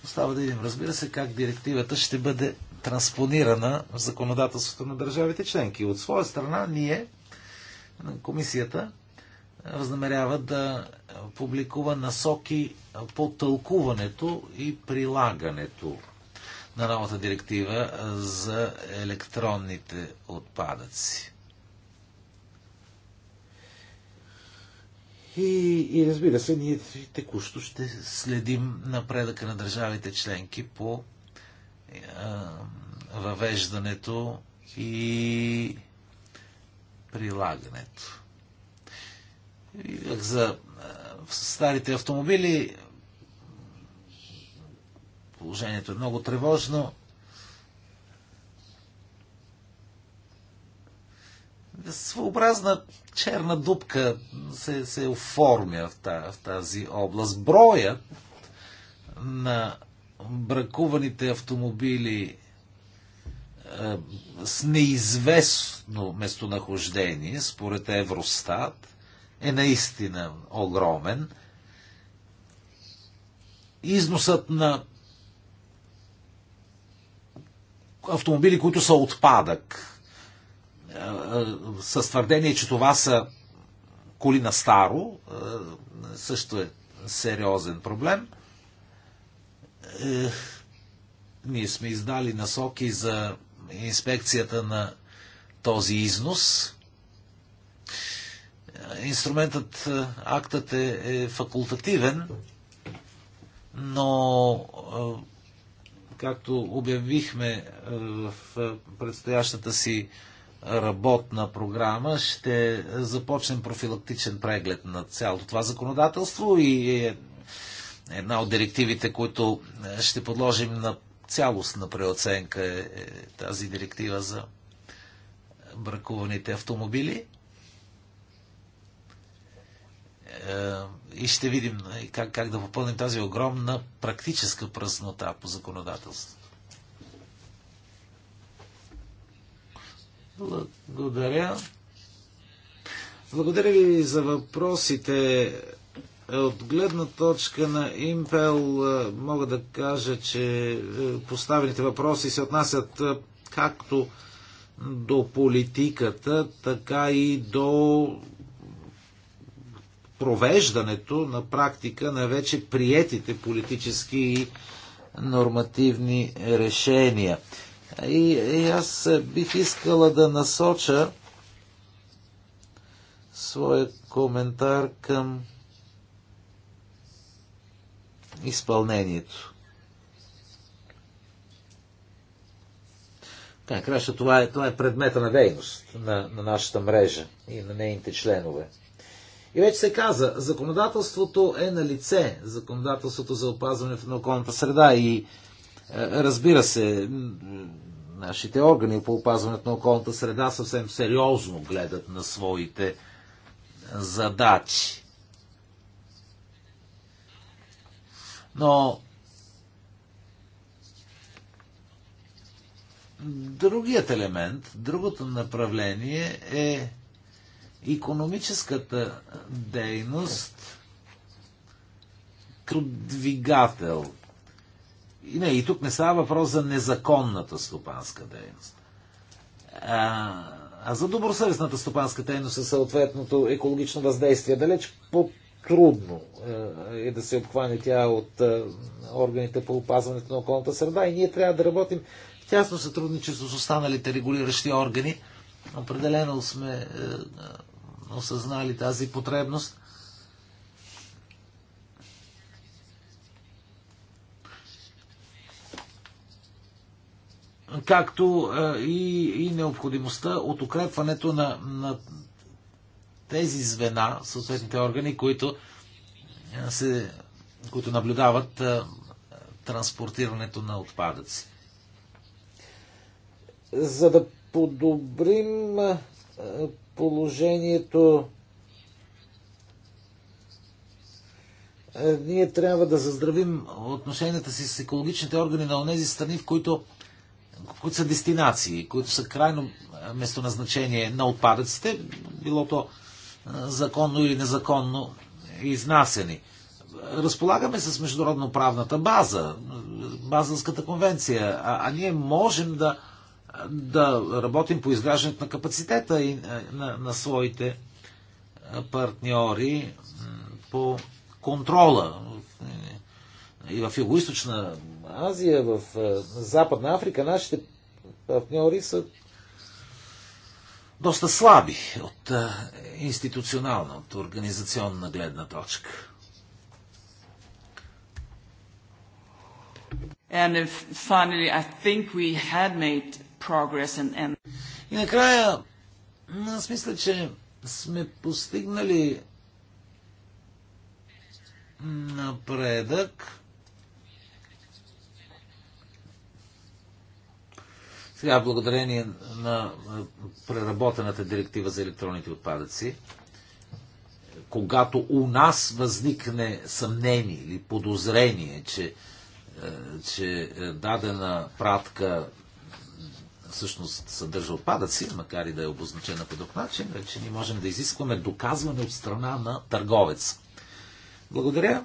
Остава да видим, разбира се, как директивата ще бъде транспонирана в законодателството на държавите членки. От своя страна ние, комисията, възнамерява да публикува насоки по тълкуването и прилагането на новата директива за електронните отпадъци. И, и разбира се, ние текущо ще следим напредъка на държавите членки по а, въвеждането и прилагането. И за в старите автомобили положението е много тревожно. своеобразна черна дупка се, се оформя в, та, в тази област. Броят на бракуваните автомобили е, с неизвестно местонахождение, според Евростат, е наистина огромен. Износът на автомобили, които са отпадък, е, е, с твърдение, че това са коли на старо, е, също е сериозен проблем. Ние сме издали насоки за инспекцията на този износ. Инструментът, е, актът е, е факултативен, но е, както обявихме е, в предстоящата си работна програма, ще започнем профилактичен преглед на цялото това законодателство и една от директивите, които ще подложим на цялостна преоценка е тази директива за бракуваните автомобили. Е, и ще видим е, как, как да попълним тази огромна практическа пръснота по законодателство. Благодаря. Благодаря ви за въпросите. От гледна точка на Импел е, мога да кажа, че поставените въпроси се отнасят както до политиката, така и до провеждането на практика на вече приетите политически и нормативни решения. И, и аз бих искала да насоча своя коментар към изпълнението. Как краща, това е, това е предмета на дейност на, на нашата мрежа и на нейните членове. И вече се каза, законодателството е на лице, законодателството за опазването на околната среда и е, разбира се, нашите органи по опазването на околната среда съвсем сериозно гледат на своите задачи. Но другият елемент, другото направление е економическата дейност като двигател. И не, и тук не става въпрос за незаконната стопанска дейност. А, а за добросъвестната стопанска дейност и съответното екологично въздействие далеч по-трудно е, е да се обхване тя от е, органите по опазването на околната среда и ние трябва да работим в тясно сътрудничество с останалите регулиращи органи. Определено сме е, осъзнали тази потребност. Както е, и, и необходимостта от укрепването на, на тези звена, съответните органи, които, е, се, които наблюдават е, транспортирането на отпадъци. За да подобрим положението е, ние трябва да заздравим отношенията си с екологичните органи на онези страни, в които, в които са дестинации, които са крайно е, местоназначение на отпадъците, било то е, законно или незаконно изнасени. Разполагаме с международно правната база, Базълската конвенция, а, а ние можем да да работим по изграждането на капацитета и е, на, на своите е, партньори по контрола е, и в Юго-Источна Азия, в Западна Африка, нашите партньори са доста слаби от институционална, от организационна гледна точка. And finally, I think we had made progress and, and... И накрая, аз мисля, че сме постигнали напредък. Сега, благодарение на преработената директива за електронните отпадъци, когато у нас възникне съмнение или подозрение, че, е, че е, дадена пратка всъщност съдържа отпадъци, макар и да е обозначена по друг начин, вече ние можем да изискваме доказване от страна на търговец. Благодаря.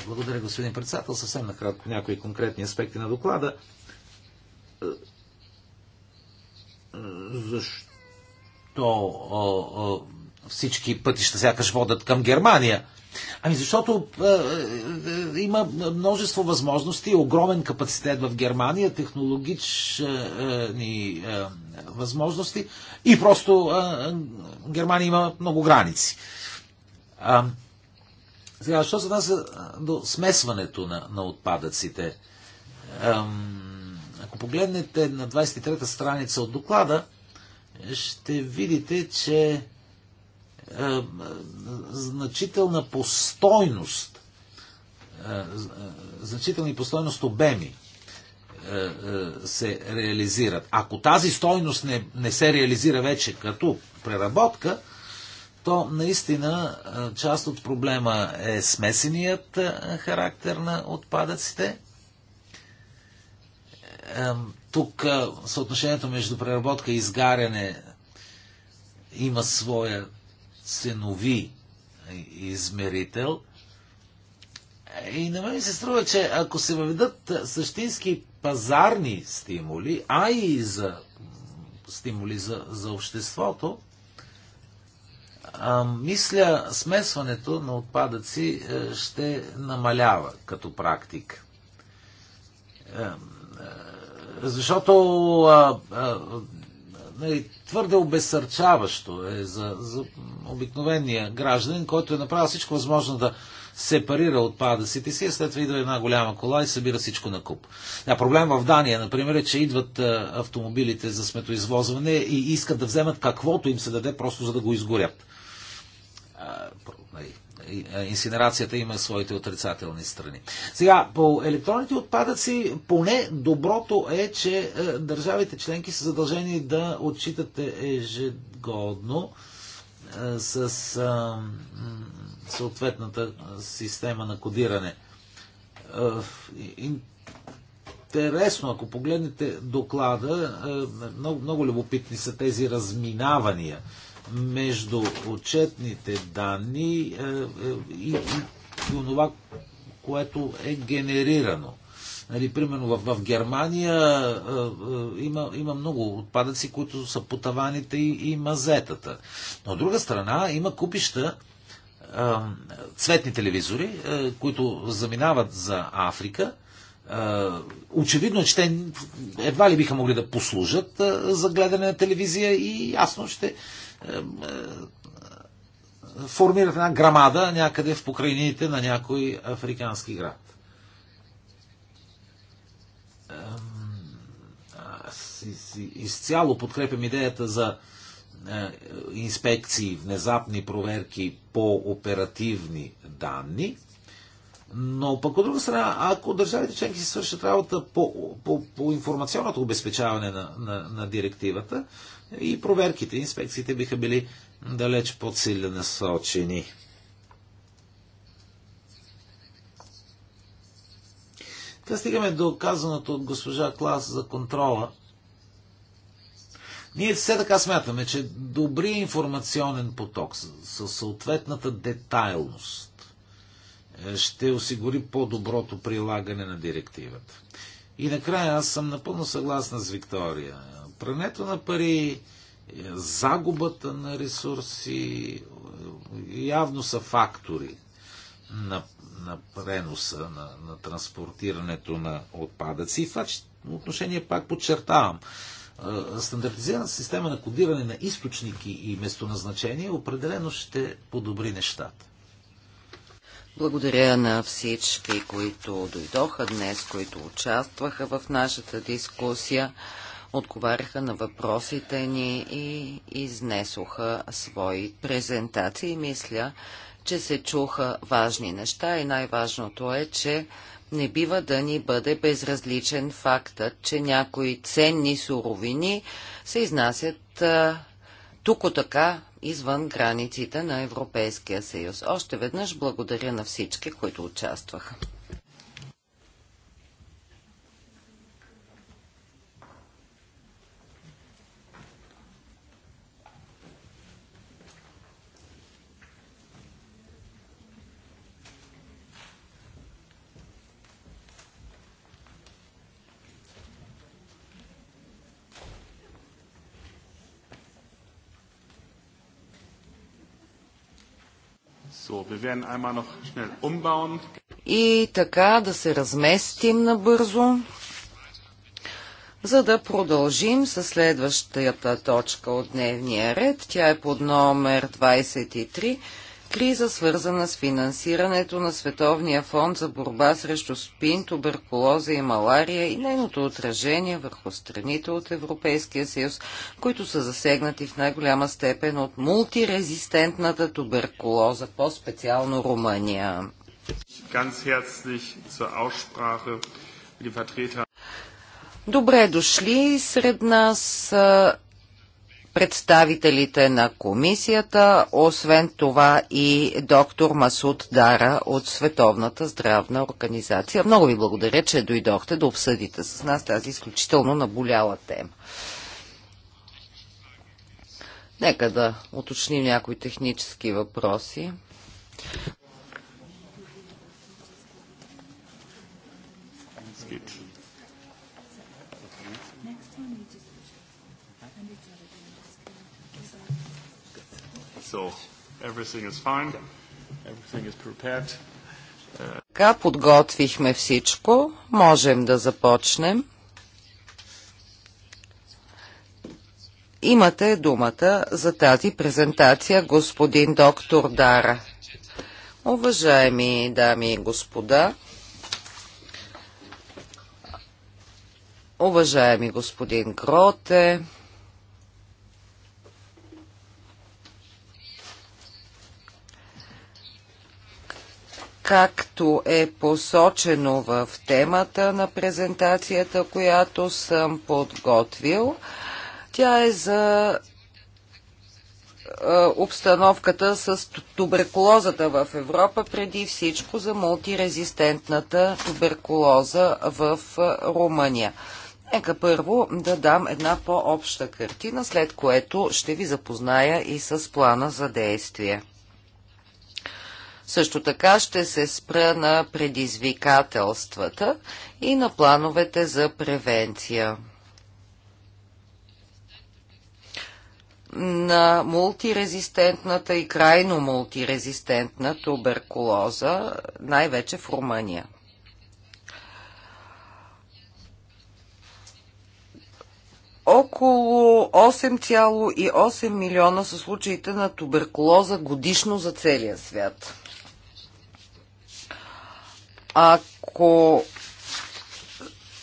Е, благодаря, господин председател. Съвсем накратко някои конкретни аспекти на доклада. Е, е, защо всички пътища сякаш водят към Германия? Ами защото е, е, е, има множество възможности, огромен капацитет в Германия, технологични е, е, възможности и просто е, е, Германия има много граници. А, сега, що се нас до смесването на, на отпадъците? А, ако погледнете на 23-та страница от доклада, ще видите, че е, е, значителна постойност, е, значителни постойност обеми се реализират. Ако тази стойност не, не се реализира вече като преработка, то наистина част от проблема е смесеният характер на отпадъците. Тук съотношението между преработка и изгаряне има своя ценови измерител. Е, и на мен се струва, че ако се въведат същински пазарни стимули, а и за стимули за, за обществото, а, мисля, смесването на отпадъци ще намалява като практика. Защото а, а, нали, твърде обесърчаващо е за, за обикновения гражданин, който е направил всичко възможно да сепарира отпадъците си, а след това идва една голяма кола и събира всичко на куп. А проблем в Дания, например, е, че идват автомобилите за сметоизвозване и искат да вземат каквото им се даде, просто за да го изгорят. Нали, инсинерацията има своите отрицателни страни. Сега, по електронните отпадъци, поне доброто е, че е, държавите членки са задължени да отчитат ежегодно е, с е, съответната система на кодиране. Интересно, ако погледнете доклада, много, много любопитни са тези разминавания между отчетните данни и, е, е, и, и онова, което е генерирано. Нали, примерно в, в Германия е, има, има много отпадъци, които са по таваните и, и мазетата. Но от друга страна има купища цветни телевизори, които заминават за Африка. очевидно, че те едва ли биха могли да послужат за гледане на телевизия и ясно ще е, формират една грамада някъде в покрайнините на някой африкански град. Аз изцяло подкрепям идеята за е, инспекции, внезапни проверки по оперативни данни, но пък от друга страна, ако държавите членки си свършат работа по, по, по информационното обезпечаване на, на, на директивата, и проверките, инспекциите биха били далеч по-силно насочени. Така стигаме до казаното от госпожа Клас за контрола. Ние все така смятаме, че добри информационен поток със съответната детайлност е, ще осигури по-доброто прилагане на директивата. И накрая аз съм напълно съгласна с Виктория прането на пари, е, загубата на ресурси е, явно са фактори на, на преноса, на, на транспортирането на отпадъци. И в това отношение пак подчертавам. Е, стандартизирана система на кодиране на източники и местоназначение определено ще подобри нещата. Благодаря на всички, които дойдоха днес, които участваха в нашата дискусия отговаряха на въпросите ни и изнесоха свои презентации. Мисля, че се чуха важни неща и най-важното е, че не бива да ни бъде безразличен фактът, че някои ценни суровини се изнасят тук така извън границите на Европейския съюз. Още веднъж благодаря на всички, които участваха. И така да се разместим набързо, за да продължим със следващата точка от дневния ред. Тя е под номер 23 криза, свързана с финансирането на Световния фонд за борба срещу спин, туберкулоза и малария и нейното отражение върху страните от Европейския съюз, които са засегнати в най-голяма степен от мултирезистентната туберкулоза, по-специално Румъния. Добре дошли сред нас представителите на комисията, освен това и доктор Масуд Дара от Световната здравна организация. Много ви благодаря, че дойдохте да обсъдите с нас тази изключително наболяла тема. Нека да уточним някои технически въпроси. So everything is fine. Everything is prepared. Така подготвихме всичко. Можем да започнем. Имате думата за тази презентация, господин доктор Дара. Уважаеми дами и господа, уважаеми господин Гроте, както е посочено в темата на презентацията, която съм подготвил. Тя е за е, обстановката с туберкулозата в Европа, преди всичко за мултирезистентната туберкулоза в е, Румъния. Нека първо да дам една по-обща картина, след което ще ви запозная и с плана за действие. Също така ще се спра на предизвикателствата и на плановете за превенция. на мултирезистентната и крайно мултирезистентна туберкулоза, най-вече в Румъния. Около 8,8 милиона са случаите на туберкулоза годишно за целия свят. Ако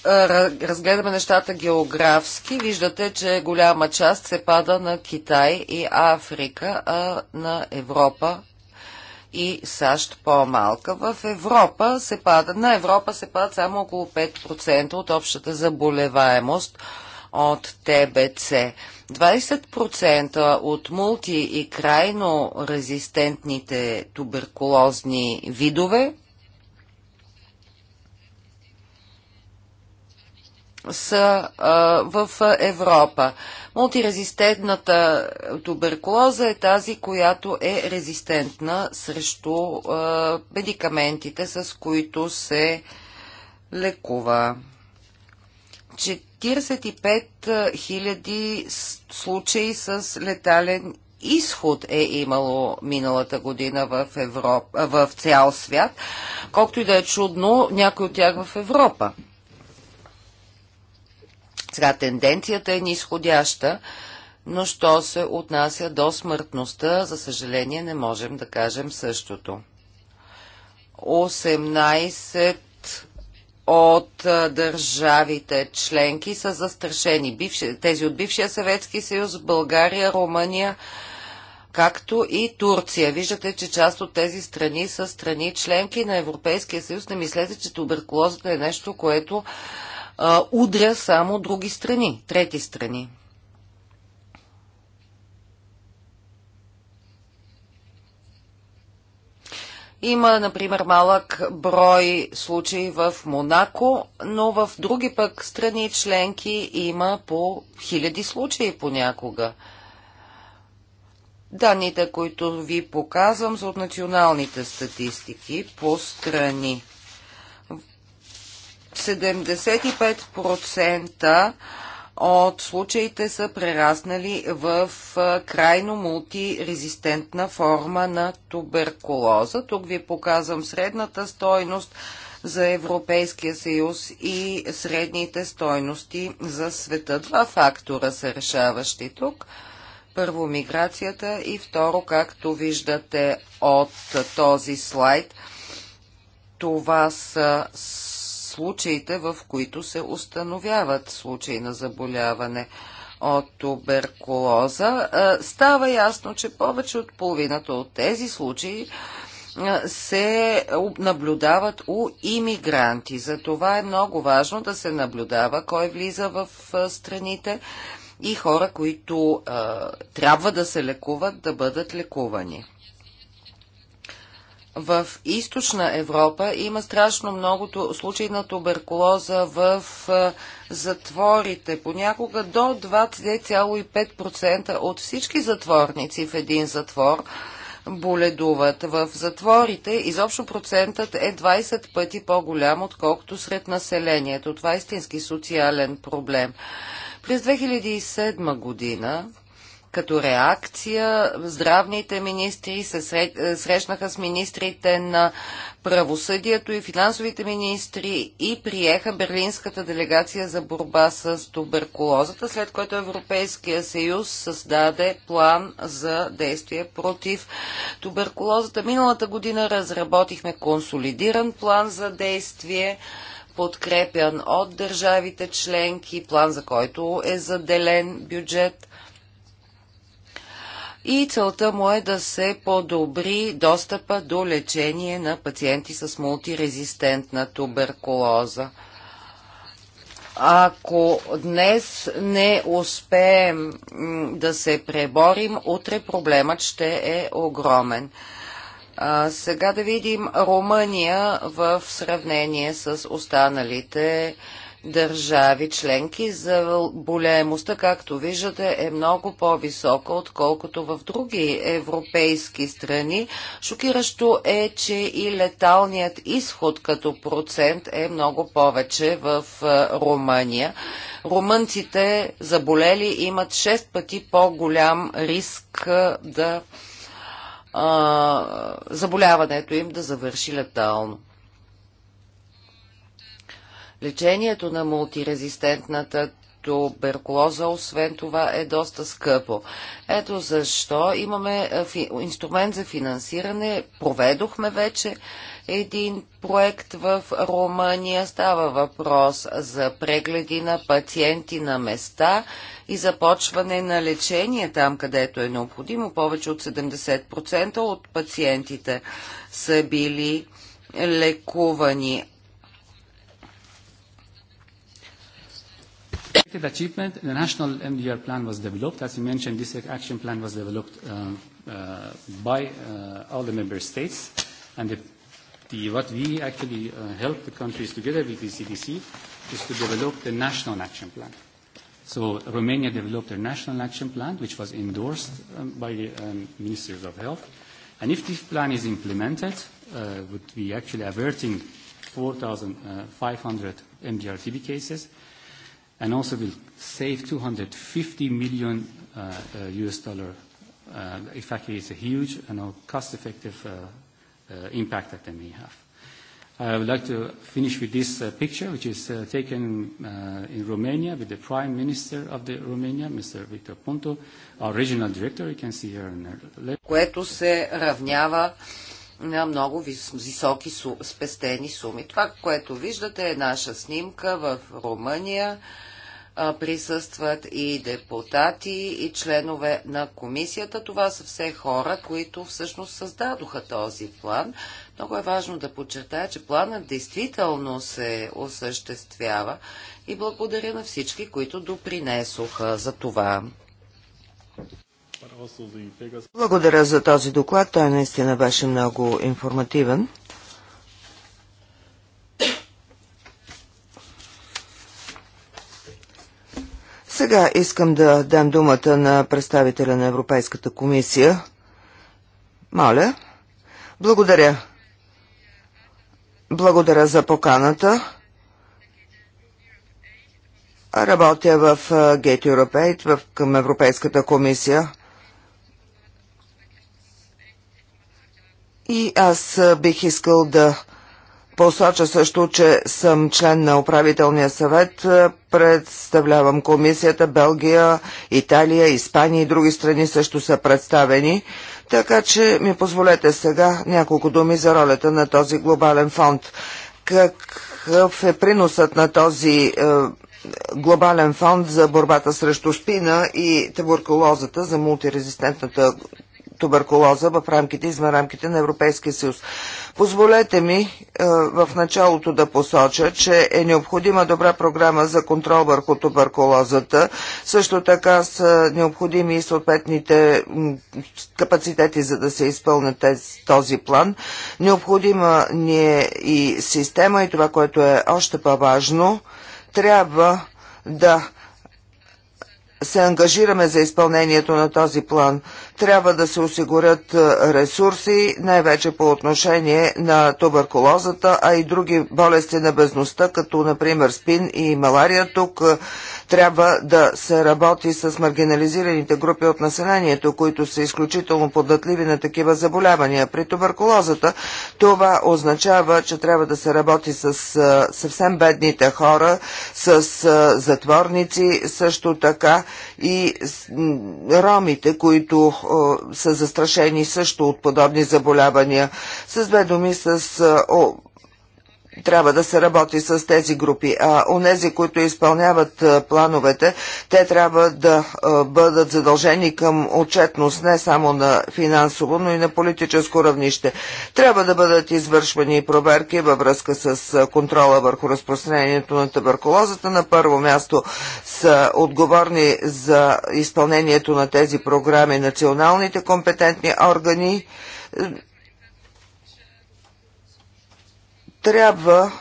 е, разгледаме нещата географски, виждате, че голяма част се пада на Китай и Африка, а на Европа и САЩ по-малка. В Европа се пада, на Европа се пада само около 5% от общата заболеваемост от ТБЦ. 20% от мулти и крайно резистентните туберкулозни видове са а, в Европа. Мултирезистентната туберкулоза е тази, която е резистентна срещу а, медикаментите, с които се лекува. 45 000 случаи с летален изход е имало миналата година в, Европа, в цял свят. Колкото и да е чудно, някой от тях в Европа. Сега тенденцията е нисходяща, но що се отнася до смъртността, за съжаление не можем да кажем същото. 18 от държавите членки са застрашени. тези от бившия Съветски съюз, България, Румъния, както и Турция. Виждате, че част от тези страни са страни членки на Европейския съюз. Не мислете, че туберкулозата е нещо, което а, удря само други страни, трети страни. Има, например, малък брой случаи в Монако, но в други пък страни членки има по хиляди случаи понякога. Данните, които ви показвам, са от националните статистики по страни. 75% от случаите са прераснали в крайно мултирезистентна форма на туберкулоза. Тук ви показвам средната стойност за Европейския съюз и средните стойности за света. Два фактора са решаващи тук. Първо миграцията и второ, както виждате от този слайд, това са случаите, в които се установяват случаи на заболяване от туберкулоза. Става ясно, че повече от половината от тези случаи се наблюдават у иммигранти. Затова е много важно да се наблюдава кой влиза в страните и хора, които трябва да се лекуват, да бъдат лекувани в източна Европа има страшно много случаи на туберкулоза в затворите. Понякога до 2,5% от всички затворници в един затвор боледуват. В затворите изобщо процентът е 20 пъти по-голям, отколкото сред населението. Това е истински социален проблем. През 2007 година като реакция здравните министри се е, срещнаха с министрите на правосъдието и финансовите министри и приеха Берлинската делегация за борба с туберкулозата, след което Европейския съюз създаде план за действие против туберкулозата. Миналата година разработихме консолидиран план за действие подкрепян от държавите членки, план за който е заделен бюджет – и целта му е да се подобри достъпа до лечение на пациенти с мултирезистентна туберкулоза. Ако днес не успеем да се преборим, утре проблемът ще е огромен. А, сега да видим Румъния в сравнение с останалите държави членки, за болеемостта, както виждате, е много по-висока, отколкото в други европейски страни. Шокиращо е, че и леталният изход като процент е много повече в е, Румъния. Румънците заболели имат 6 пъти по-голям риск е, да а, е, заболяването им да завърши летално. Лечението на мултирезистентната туберкулоза, освен това е доста скъпо. Ето защо имаме е, инструмент за финансиране. Проведохме вече един проект в Румъния. Става въпрос за прегледи на пациенти на места и започване на лечение там, където е необходимо. Повече от 70% от пациентите са били лекувани. expected achievement, the national MDR plan was developed. As you mentioned, this action plan was developed um, uh, by uh, all the member states. And the, the, what we actually uh, helped the countries together with the CDC is to develop the national action plan. So Romania developed a national action plan, which was endorsed um, by the um, ministers of health. And if this plan is implemented, uh, would be actually averting 4,500 MDR-TB cases and also will save $250 million US dollar. In fact, it's a huge and cost-effective impact that they may have. I would like to finish with this picture, which is taken in Romania with the Prime Minister of the Romania, Mr. Victor Ponto, our regional director, you can see here on the left. Което се равнява на много високи спестени суми. Това, което виждате е наша снимка в Румъния присъстват и депутати, и членове на комисията. Това са все хора, които всъщност създадоха този план. Много е важно да подчертая, че планът действително се осъществява и благодаря на всички, които допринесоха за това. Благодаря за този доклад. Той наистина беше много информативен. Сега искам да дам думата на представителя на Европейската комисия. Моля. Благодаря. Благодаря за поканата. Работя в Gate Europe, към Европейската комисия. И аз бих искал да Посоча също, че съм член на управителния съвет, представлявам комисията, Белгия, Италия, Испания и други страни също са представени, така че ми позволете сега няколко думи за ролята на този глобален фонд. Какъв е приносът на този е, глобален фонд за борбата срещу спина и туберкулозата за мултирезистентната туберкулоза в рамките и извън рамките на Европейския съюз. Позволете ми е, в началото да посоча, че е необходима добра програма за контрол върху туберкулозата. Също така са необходими и съответните капацитети, за да се изпълнят този план. Необходима ни е и система и това, което е още по-важно, трябва да се ангажираме за изпълнението на този план – трябва да се осигурят ресурси, най-вече по отношение на туберкулозата, а и други болести на безността, като например спин и малария. Тук трябва да се работи с маргинализираните групи от населението, които са изключително податливи на такива заболявания. При туберкулозата това означава, че трябва да се работи с съвсем бедните хора, с затворници, също така и ромите, които е, са застрашени също от подобни заболявания. С две думи, с е, трябва да се работи с тези групи. А онези, които изпълняват плановете, те трябва да бъдат задължени към отчетност не само на финансово, но и на политическо равнище. Трябва да бъдат извършвани проверки във връзка с контрола върху разпространението на туберкулозата. На първо място са отговорни за изпълнението на тези програми националните компетентни органи трябва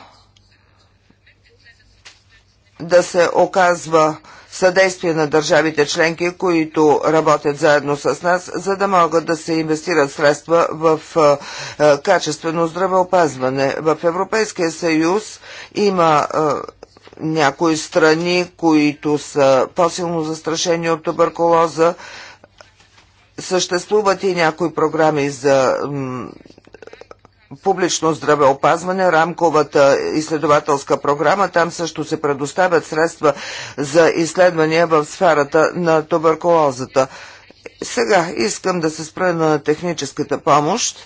да се оказва съдействие на държавите членки, които работят заедно с нас, за да могат да се инвестират средства в качествено здравеопазване. В Европейския съюз има някои страни, които са по-силно застрашени от туберкулоза. Съществуват и някои програми за публично здравеопазване, рамковата изследователска програма. Там също се предоставят средства за изследвания в сферата на туберкулозата. Сега искам да се спра на техническата помощ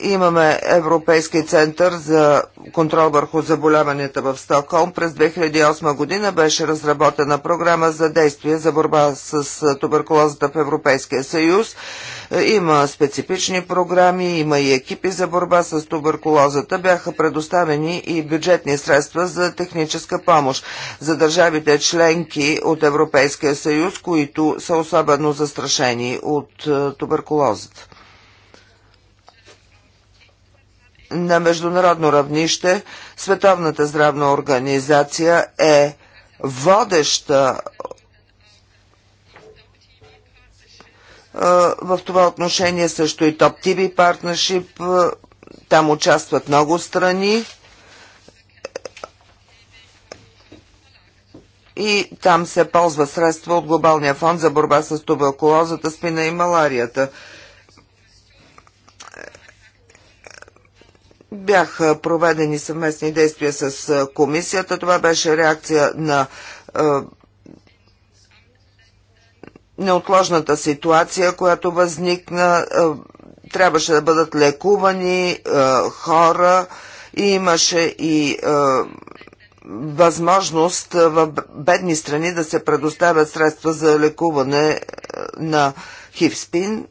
имаме Европейски център за контрол върху заболяванията в Стокхолм. През 2008 година беше разработена програма за действие за борба с туберкулозата в Европейския съюз. Е, има специфични програми, има и екипи за борба с туберкулозата. Бяха предоставени и бюджетни средства за техническа помощ за държавите членки от Европейския съюз, които са особено застрашени от туберкулозата. на международно равнище Световната здравна организация е водеща в това отношение също и Топ TV Partnership. Там участват много страни. И там се ползва средства от Глобалния фонд за борба с туберкулозата, спина и маларията. Бяха проведени съвместни действия с комисията. Това беше реакция на неотложната ситуация, която възникна. Трябваше да бъдат лекувани хора и имаше и възможност в бедни страни да се предоставят средства за лекуване на хивспин.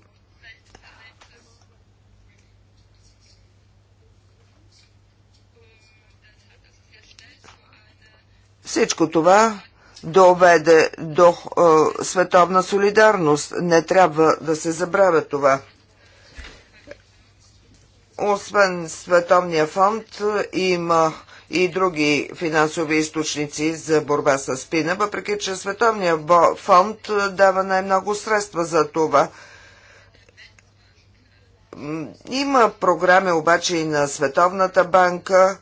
Всичко това доведе до е, световна солидарност. Не трябва да се забравя това. Освен Световния фонд има и други финансови източници за борба с спина, въпреки че Световния фонд е, дава най-много средства за това. Има програми обаче и на Световната банка,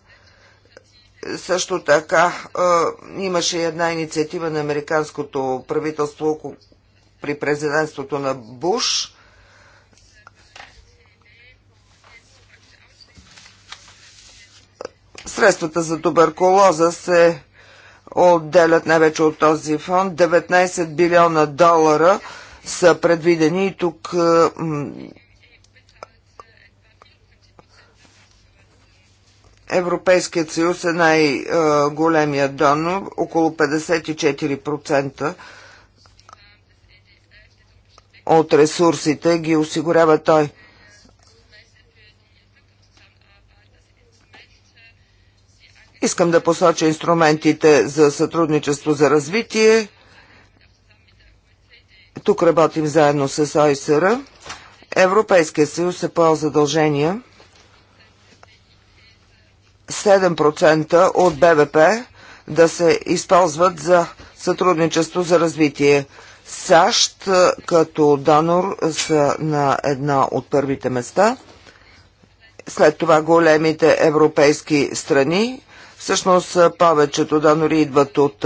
също така имаше една инициатива на американското правителство при президентството на Буш. Средствата за туберкулоза се отделят най-вече от този фонд. 19 билиона долара са предвидени и тук Европейският съюз е най-големия донор, около 54% от ресурсите ги осигурява той. Искам да посоча инструментите за сътрудничество за развитие. Тук работим заедно с ОИСР. Европейския съюз е по задължения 7% от БВП да се използват за сътрудничество за развитие. САЩ като донор са на една от първите места. След това големите европейски страни. Всъщност повечето донори идват от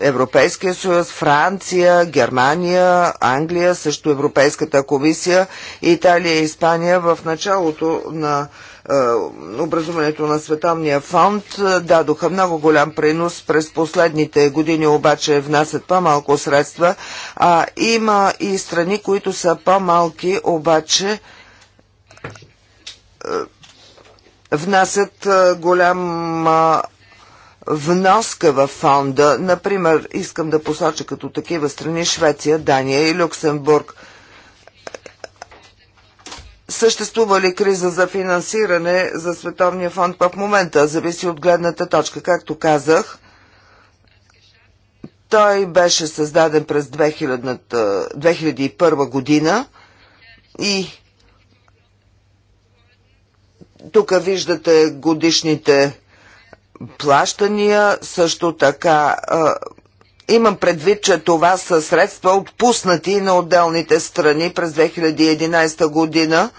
Европейския съюз, Франция, Германия, Англия, също Европейската комисия, Италия и Испания в началото на е, образуването на Световния фонд е, дадоха много голям принос. През последните години обаче внасят по-малко средства, а има и страни, които са по-малки, обаче е, внасят голяма вноска в фонда. Например, искам да посоча като такива страни Швеция, Дания и Люксембург – Съществува ли криза за финансиране за Световния фонд в момента? Зависи от гледната точка. Както казах, той беше създаден през 2000, 2001 година и тук виждате годишните плащания, също така Имам предвид, че това са средства отпуснати на отделните страни през 2011 година.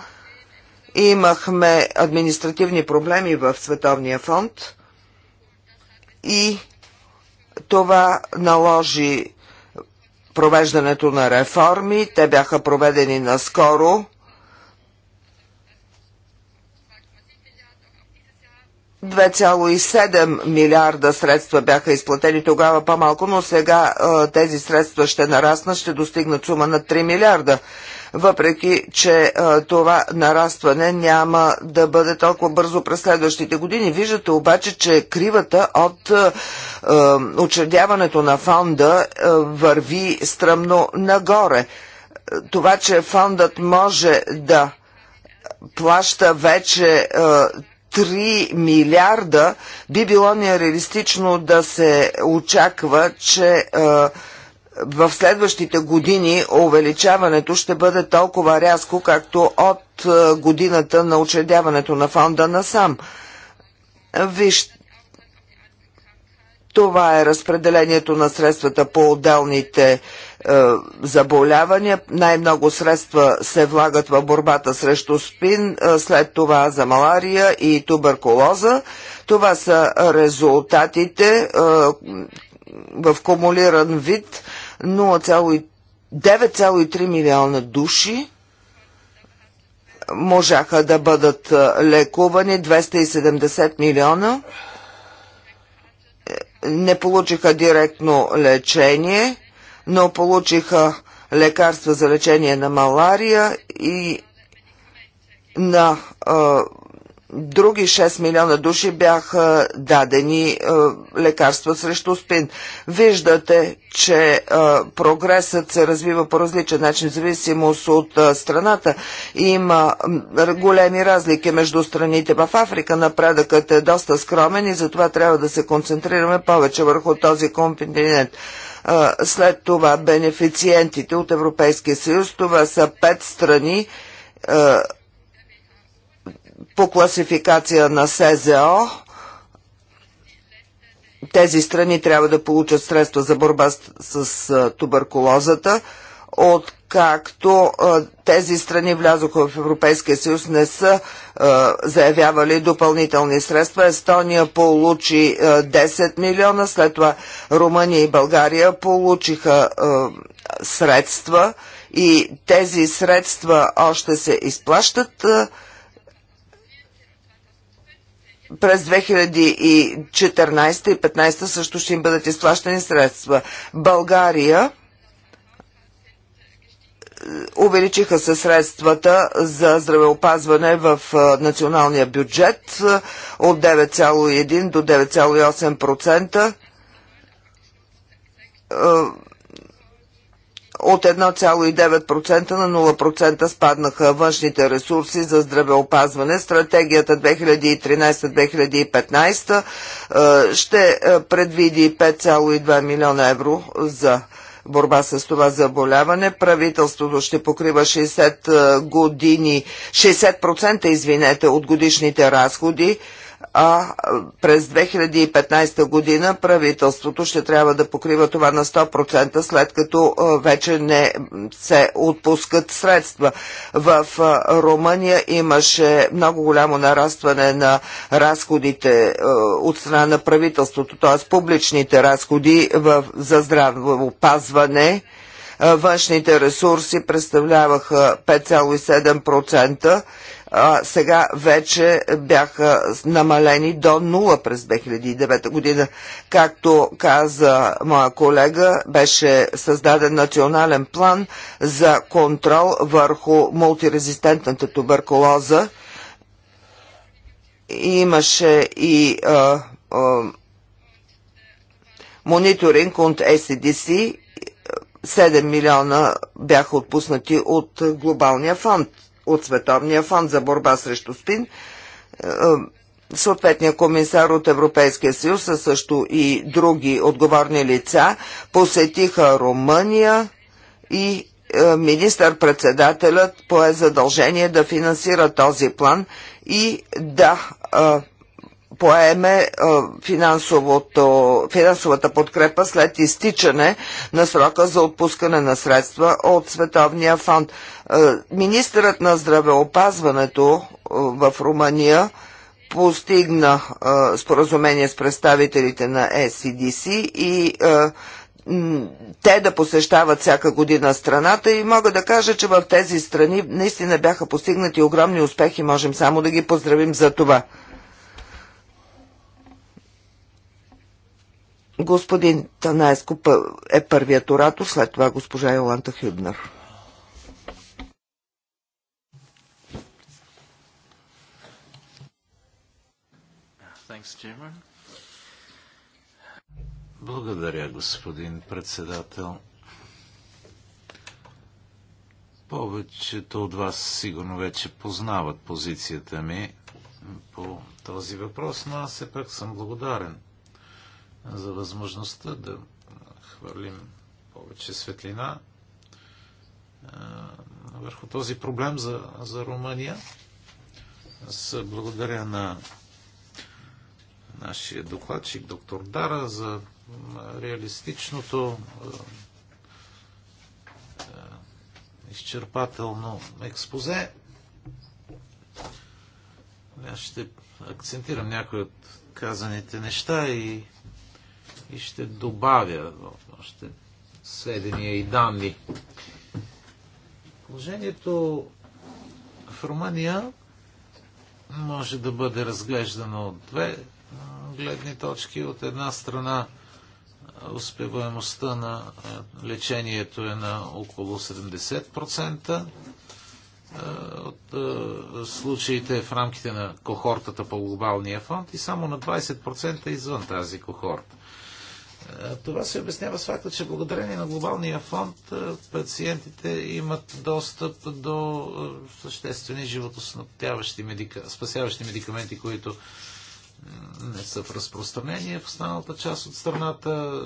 Имахме административни проблеми в Световния фонд и това наложи провеждането на реформи. Те бяха проведени наскоро 2,7 милиарда средства бяха изплатени тогава по-малко, но сега тези средства ще нараснат, ще достигнат сума на 3 милиарда въпреки че а, това нарастване няма да бъде толкова бързо през следващите години. Виждате обаче, че кривата от а, учредяването на фонда а, върви стръмно нагоре. Това, че фондът може да плаща вече 3 милиарда, би било нереалистично да се очаква, че в следващите години увеличаването ще бъде толкова рязко, както от годината на учредяването на фонда насам. Вижте, това е разпределението на средствата по отделните е, заболявания. Най-много средства се влагат в борбата срещу спин, е, след това за малария и туберкулоза. Това са резултатите е, в кумулиран вид 9,3 милиона души можаха да бъдат е, лекувани, 270 милиона не получиха директно лечение, но получиха лекарства за лечение на малария и на а, други 6 милиона души бяха дадени е, лекарства срещу спин. Виждате, че е, прогресът се развива по различен начин, в зависимост от е, страната. Има големи разлики между страните. В Африка напредъкът е доста скромен и затова трябва да се концентрираме повече върху този континент след това бенефициентите от Европейския съюз. Това са 5 страни по класификация на СЗО тези страни трябва да получат средства за борба с, с туберкулозата. Откакто тези страни влязоха в Европейския съюз, не са е, заявявали допълнителни средства. Естония получи е, 10 милиона, след това Румъния и България получиха е, средства и тези средства още се изплащат. Е, през 2014 и 2015 също ще им бъдат изплащани средства. България е, увеличиха се средствата за здравеопазване в е, националния бюджет е, от 9,1 до 9,8% от 1,9% на 0% спаднаха външните ресурси за здравеопазване. Стратегията 2013-2015 е, ще е, предвиди 5,2 милиона евро за борба с това заболяване. Правителството ще покрива 60 е, години, 60% извинете, от годишните разходи а през 2015 година правителството ще трябва да покрива това на 100%, след като вече не се отпускат средства. В Румъния имаше много голямо нарастване на разходите от страна на правителството, т.е. публичните разходи за опазване. Външните ресурси представляваха 5,7% а, сега вече бяха намалени до 0 през 2009 година. Както каза моя колега, беше създаден национален план за контрол върху мултирезистентната туберкулоза. и Имаше и а, а, мониторинг от ACDC 7 милиона бяха отпуснати от глобалния фонд от Световния фонд за борба срещу спин. Е, е, съответният комисар от Европейския съюз, а също и други отговорни лица, посетиха Румъния и е, министър-председателят пое задължение да финансира този план и да а, поеме е, финансовата подкрепа след изтичане на срока за отпускане на средства от Световния фонд. Е, министърът на здравеопазването е, в Румъния постигна споразумение с представителите на SCDC и те да посещават всяка година страната и мога да кажа, че в тези страни наистина бяха постигнати огромни успехи, можем само да ги поздравим за това. Господин Танайско е първият оратор, след това госпожа Йоланта Хюбнер. Благодаря, господин председател. Повечето от вас сигурно вече познават позицията ми по този въпрос, но аз все пак съм благодарен – за възможността да хвърлим повече светлина върху този проблем за, за Румъния. Аз благодаря на нашия докладчик доктор Дара за реалистичното изчерпателно експозе. Аз ще акцентирам някои от казаните неща и и ще добавя още сведения и данни. Положението в Румъния може да бъде разглеждано от две гледни точки. От една страна успеваемостта на лечението е на около 70% от случаите в рамките на кохортата по глобалния фонд и само на 20% извън тази кохорта. Това се обяснява с факта, че благодарение на глобалния фонд пациентите имат достъп до съществени животоснаптяващи, медика... медикаменти, които не са в разпространение. В останалата част от страната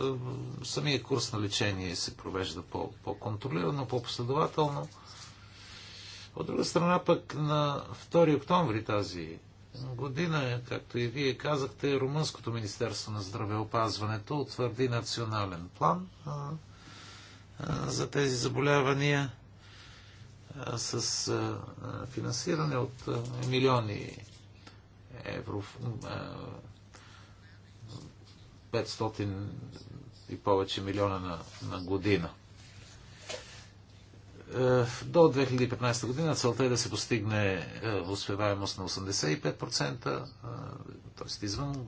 самия курс на лечение се провежда по-контролирано, по по-последователно. От друга страна пък на 2 октомври тази година, както и вие казахте, Румънското министерство на здравеопазването утвърди национален план за тези заболявания с финансиране от милиони евро. 500 и повече милиона на, на година. Е, до 2015 година целта е да се постигне е, успеваемост на 85%, е, т.е. извън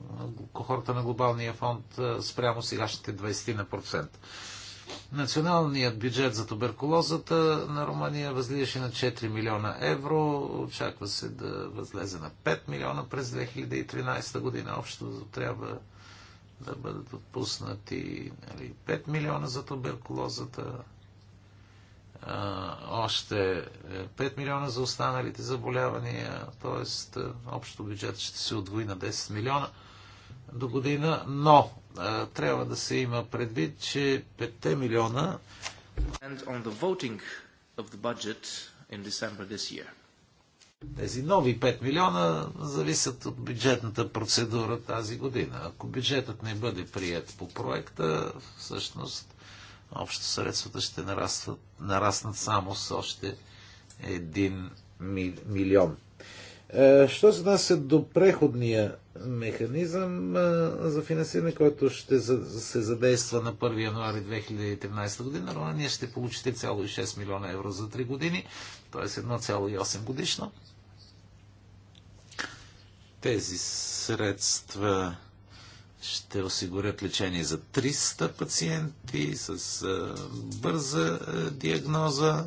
кохорта на глобалния фонд спрямо сегашните 20%. Националният бюджет за туберкулозата на Румъния възлизаше на 4 милиона евро. Очаква се да възлезе на 5 милиона през 2013 година. Общо трябва да бъдат отпуснати 5 нали, милиона за туберкулозата още 5 е, милиона за останалите заболявания, т.е. общо бюджет ще се отвои на 10 милиона до година, но е, трябва да се има предвид, че 5 милиона тези нови 5 милиона зависят от бюджетната процедура тази година. Ако бюджетът не бъде прият по проекта, всъщност общо средствата ще нарастват, нараснат само с още 1 милион. Е, що се отнася до преходния механизъм е, за финансиране, който ще се задейства на 1 януари 2013 година, ние ще получите 3,6 милиона евро за 3 години, т.е. 1,8 годишно. Тези средства ще осигурят лечение за 300 пациенти с бърза диагноза.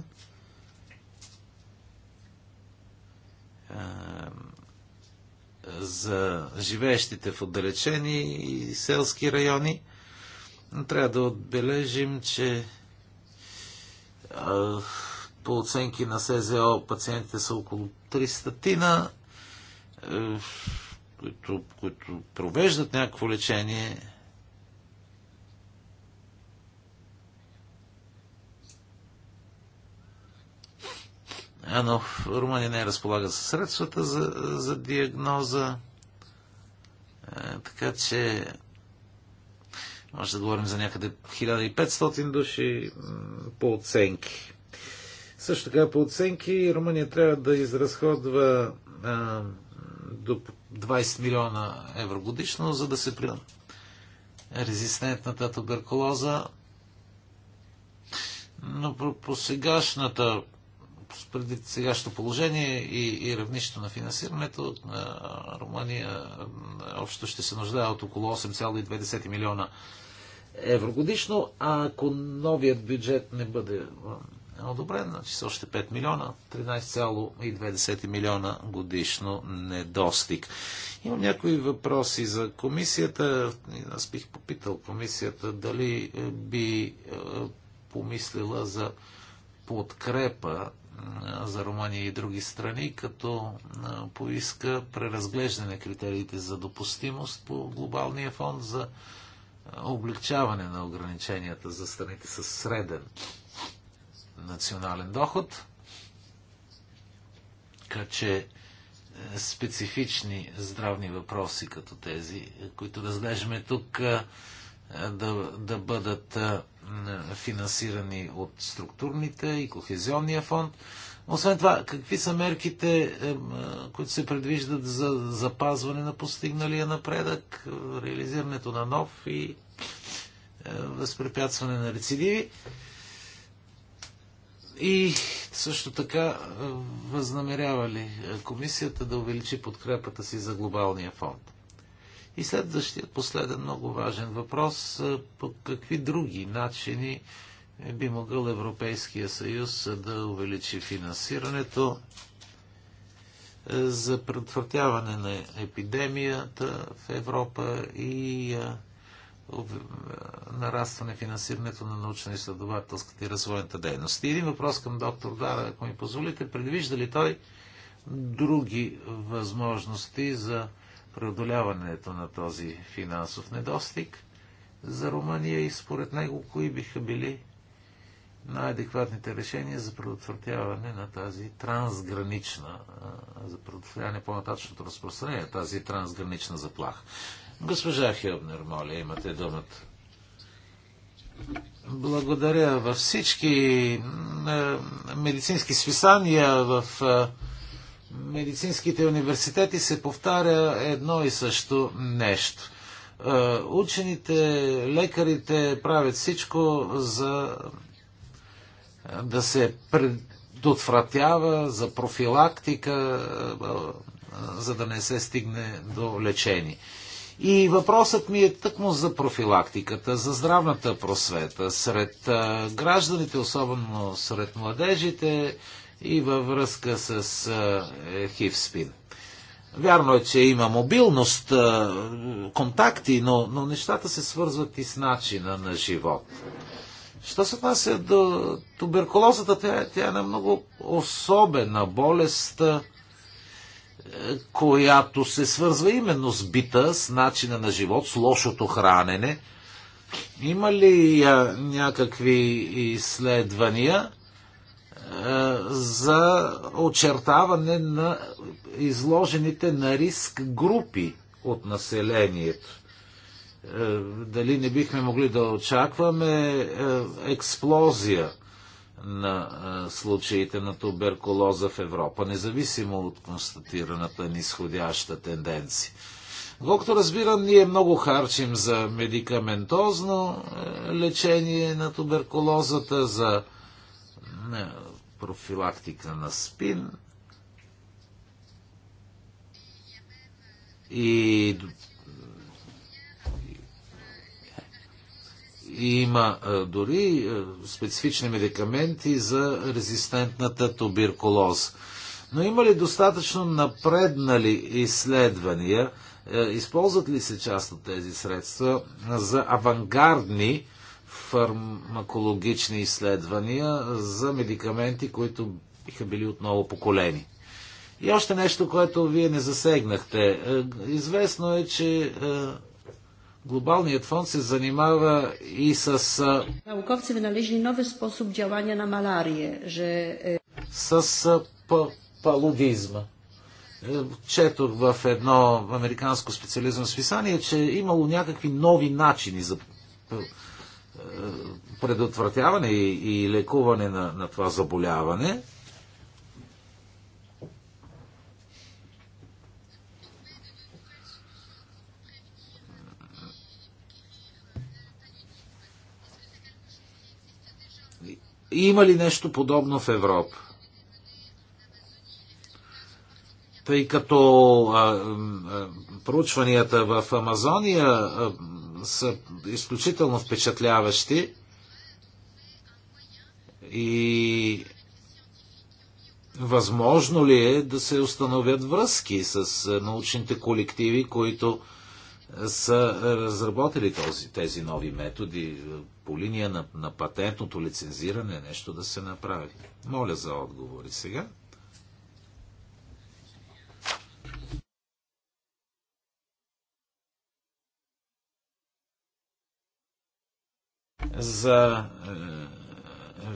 за живеещите в отдалечени и селски райони. Трябва да отбележим, че по оценки на СЗО пациентите са около 300-тина които, които провеждат някакво лечение, Ано, в Румъния не разполага със средствата за, за диагноза. Е, така че може да говорим за някъде 1500 души по оценки. Също така по оценки Румъния трябва да изразходва а, до 20 милиона евро годишно, за да се при резистентната туберкулоза. Но по, по сегашната преди сегашното положение и, и равнището на финансирането, Румъния общо ще се нуждае от около 8,2 милиона евро годишно, а ако новият бюджет не бъде е добре, значи с още 5 милиона, 13,2 милиона годишно недостиг. Имам някои въпроси за комисията. Аз бих попитал комисията дали е, би е, помислила за подкрепа е, за Румъния и други страни, като поиска преразглеждане критериите за допустимост по глобалния фонд за облегчаване на ограниченията за страните с среден национален доход. Така че е, специфични здравни въпроси, като тези, които разглеждаме тук, е, да, да бъдат е, финансирани от структурните и кохезионния фонд. Освен това, какви са мерките, които се предвиждат за запазване на постигналия напредък, реализирането на нов и възпрепятстване на рецидиви? И също така е, възнамерява ли е, комисията да увеличи подкрепата си за глобалния фонд? И следващият последен много важен въпрос е, по какви други начини би могъл Европейския съюз да увеличи финансирането за предотвратяване на епидемията в Европа и нарастване финансирането на научно-изследователската и развойната дейност. И един въпрос към доктор Дара, ако ми позволите, предвижда ли той други възможности за преодоляването на този финансов недостиг за Румъния и според него кои биха били най-адекватните решения за предотвратяване на тази трансгранична, за предотвратяване по-нататъчното разпространение, тази трансгранична заплаха. Госпожа Хелбнер, моля, имате думата. Благодаря. Във всички е, медицински списания, в е, медицинските университети се повтаря едно и също нещо. Е, учените, лекарите правят всичко за да се предотвратява за профилактика, за да не се стигне до лечение. И въпросът ми е тъкмо за профилактиката, за здравната просвета сред гражданите, особено сред младежите и във връзка с е, хивспин. Вярно е, че има мобилност, контакти, но, но нещата се свързват и с начина на живот. Що се отнася до туберкулозата, тя, тя е на много особена болест която се свързва именно с бита, с начина на живот, с лошото хранене. Има ли някакви изследвания за очертаване на изложените на риск групи от населението? Е, дали не бихме могли да очакваме е, експлозия на случаите на туберкулоза в Европа, независимо от констатираната нисходяща тенденция. Колкото разбирам, ние много харчим за медикаментозно е, лечение на туберкулозата, за е, профилактика на спин и Има дори специфични медикаменти за резистентната туберкулоза. Но има ли достатъчно напреднали изследвания, използват ли се част от тези средства за авангардни фармакологични изследвания за медикаменти, които биха били отново поколени? И още нещо, което вие не засегнахте. Е, известно е, че е, Глобалният фонд се занимава и с... Науковци вynaleźli нови способ działania на малария, że... Е, с палудизма. Е, четох в едно американско специализирано списание, че е имало някакви нови начини за предотвратяване и, и лекуване на, на това заболяване – Има ли нещо подобно в Европа? Тъй като а, а, проучванията в Амазония а, са изключително впечатляващи и възможно ли е да се установят връзки с научните колективи, които а, са разработили този, тези нови методи по линия на, на патентното лицензиране, нещо да се направи. Моля за отговори сега. За е,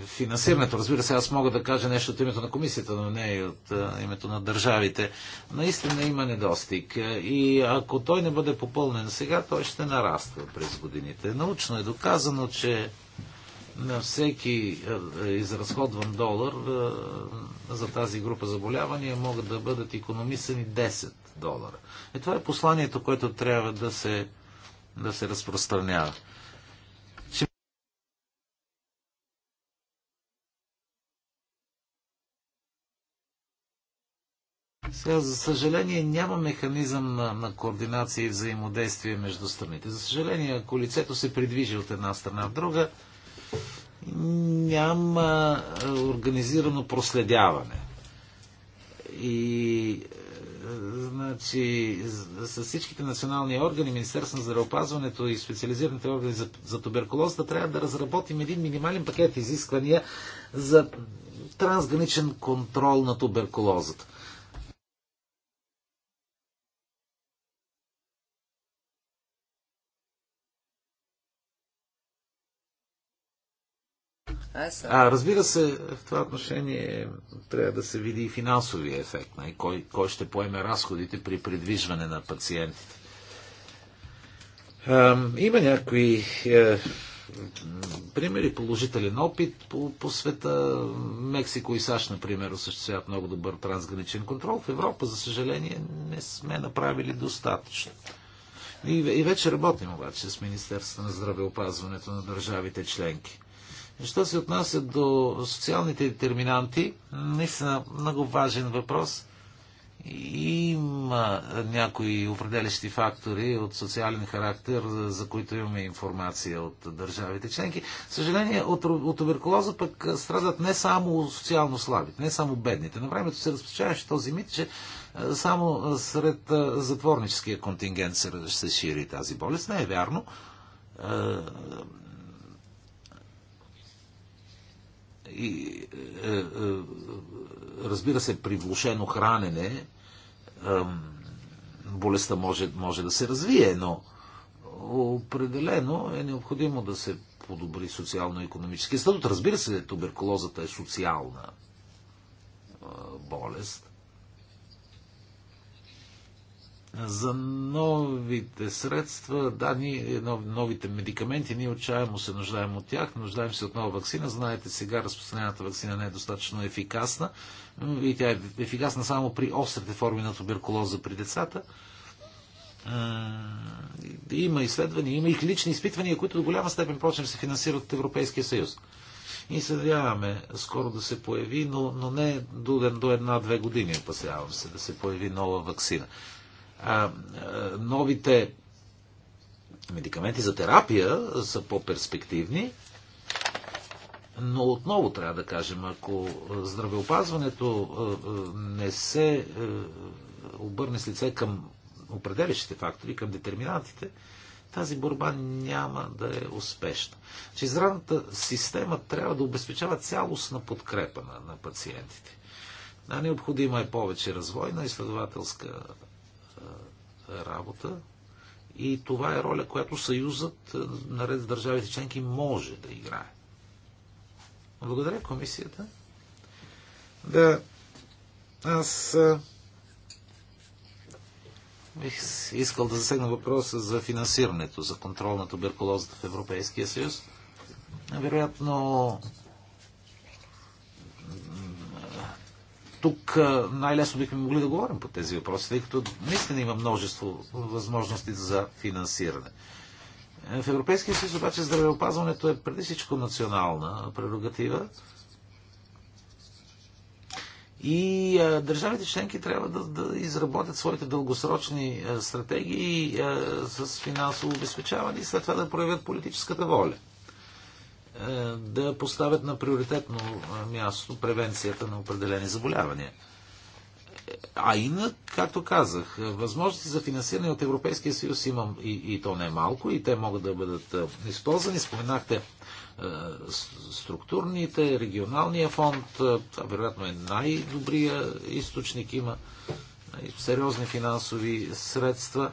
финансирането. Разбира се, аз мога да кажа нещо от името на комисията, но не и от името на държавите. Наистина има недостиг. И ако той не бъде попълнен сега, той ще нараства през годините. Научно е доказано, че на всеки изразходван долар за тази група заболявания могат да бъдат економисани 10 долара. И е, това е посланието, което трябва да се, да се разпространява. Сега, за съжаление, няма механизъм на, на координация и взаимодействие между страните. За съжаление, ако лицето се придвижи от една страна в друга, няма организирано проследяване. И значи, с всичките национални органи, Министерство на здравеопазването и специализираните органи за, за туберкулозата трябва да разработим един минимален пакет изисквания за трансграничен контрол на туберкулозата. А, разбира се, в това отношение трябва да се види и финансовия ефект. Нали? Кой, кой ще поеме разходите при придвижване на пациентите? А, има някои е, примери, положителен опит по, по света. Мексико и САЩ, например, осъществяват много добър трансграничен контрол. В Европа, за съжаление, не сме направили достатъчно. И, и вече работим обаче с Министерството на здравеопазването на държавите членки. Що се отнася до социалните детерминанти, наистина много важен въпрос. Има някои определящи фактори от социален характер, за които имаме информация от държавите членки. Съжаление, от, от туберкулоза пък страдат не само социално слабите, не само бедните. На времето се разпочаваше този мит, че само сред затворническия контингент се, се шири тази болест. Не е вярно И, е, е, разбира се, при влушено хранене е, болестта може, може да се развие, но определено е необходимо да се подобри социално-економически статут. Разбира се, туберкулозата е социална болест. За новите средства, да, ние, новите медикаменти, ние отчаяно се нуждаем от тях, нуждаем се от нова вакцина. Знаете, сега разпространената вакцина не е достатъчно ефикасна. И тя е ефикасна само при острите форми на туберкулоза при децата. Има изследвания, има и лични изпитвания, които до голяма степен, впрочем, се финансират от Европейския съюз. И се надяваме скоро да се появи, но, но не до, до една-две години, опасявам се, да се появи нова вакцина. А, новите медикаменти за терапия са по-перспективни, но отново трябва да кажем, ако здравеопазването не се обърне с лице към определящите фактори, към детерминантите, тази борба няма да е успешна. Че значи, здравната система трябва да обезпечава цялостна подкрепа на, на пациентите. А необходима е повече развойна изследователска работа. И това е роля, която Съюзът, е, наред с държавите членки, може да играе. Благодаря комисията. Да, аз е, бих искал да засегна въпроса за финансирането, за контрол на туберкулозата в Европейския съюз. Вероятно, тук най-лесно бихме могли да говорим по тези въпроси, тъй като наистина има множество възможности за финансиране. Е, в Европейския съюз обаче здравеопазването е преди всичко национална прерогатива. И а, държавите членки трябва да, да изработят своите дългосрочни а, стратегии а, с финансово обезпечаване и след това да проявят политическата воля. Е, да поставят на приоритетно е, място превенцията на определени заболявания. А инак, както казах, възможности за финансиране от Европейския съюз имам и, и то не малко, и те могат да бъдат е, използвани. Споменахте е, структурните, регионалния фонд, това вероятно е най-добрия източник, има сериозни финансови средства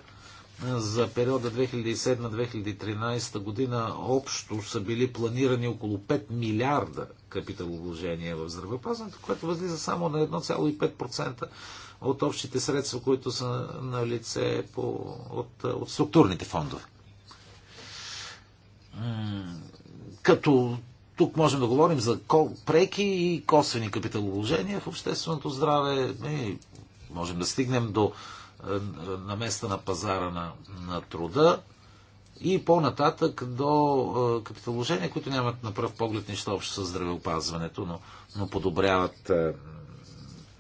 за периода 2007-2013 година общо са били планирани около 5 милиарда капиталовложения в здравеопазването, което възлиза само на 1,5% от общите средства, които са на лице по, от, от структурните фондове. Като тук можем да говорим за преки и косвени капиталовложения в общественото здраве. можем да стигнем до на места на пазара на, на труда и по-нататък до капиталовложения, които нямат на пръв поглед нищо общо с здравеопазването, но, но подобряват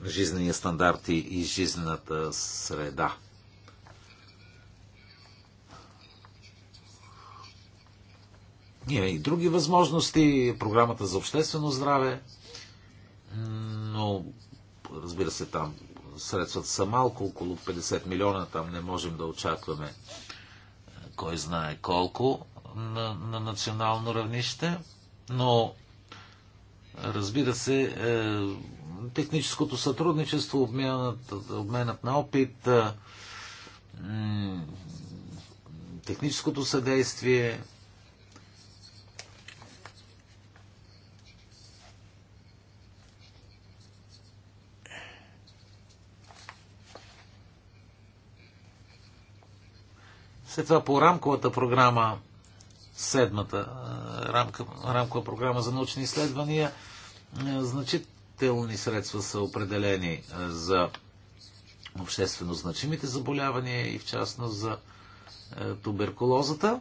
жизнения стандарти и жизнената среда. Има и други възможности, програмата за обществено здраве, но разбира се, там средствата са малко, около 50 милиона, там не можем да очакваме е, кой знае колко на, на национално равнище, но разбира се, е, техническото сътрудничество, обменът, обменът на опит, е, техническото съдействие, След това по рамковата програма, седмата рамка, рамкова програма за научни изследвания, значителни средства са определени за обществено значимите заболявания и в частност за туберкулозата,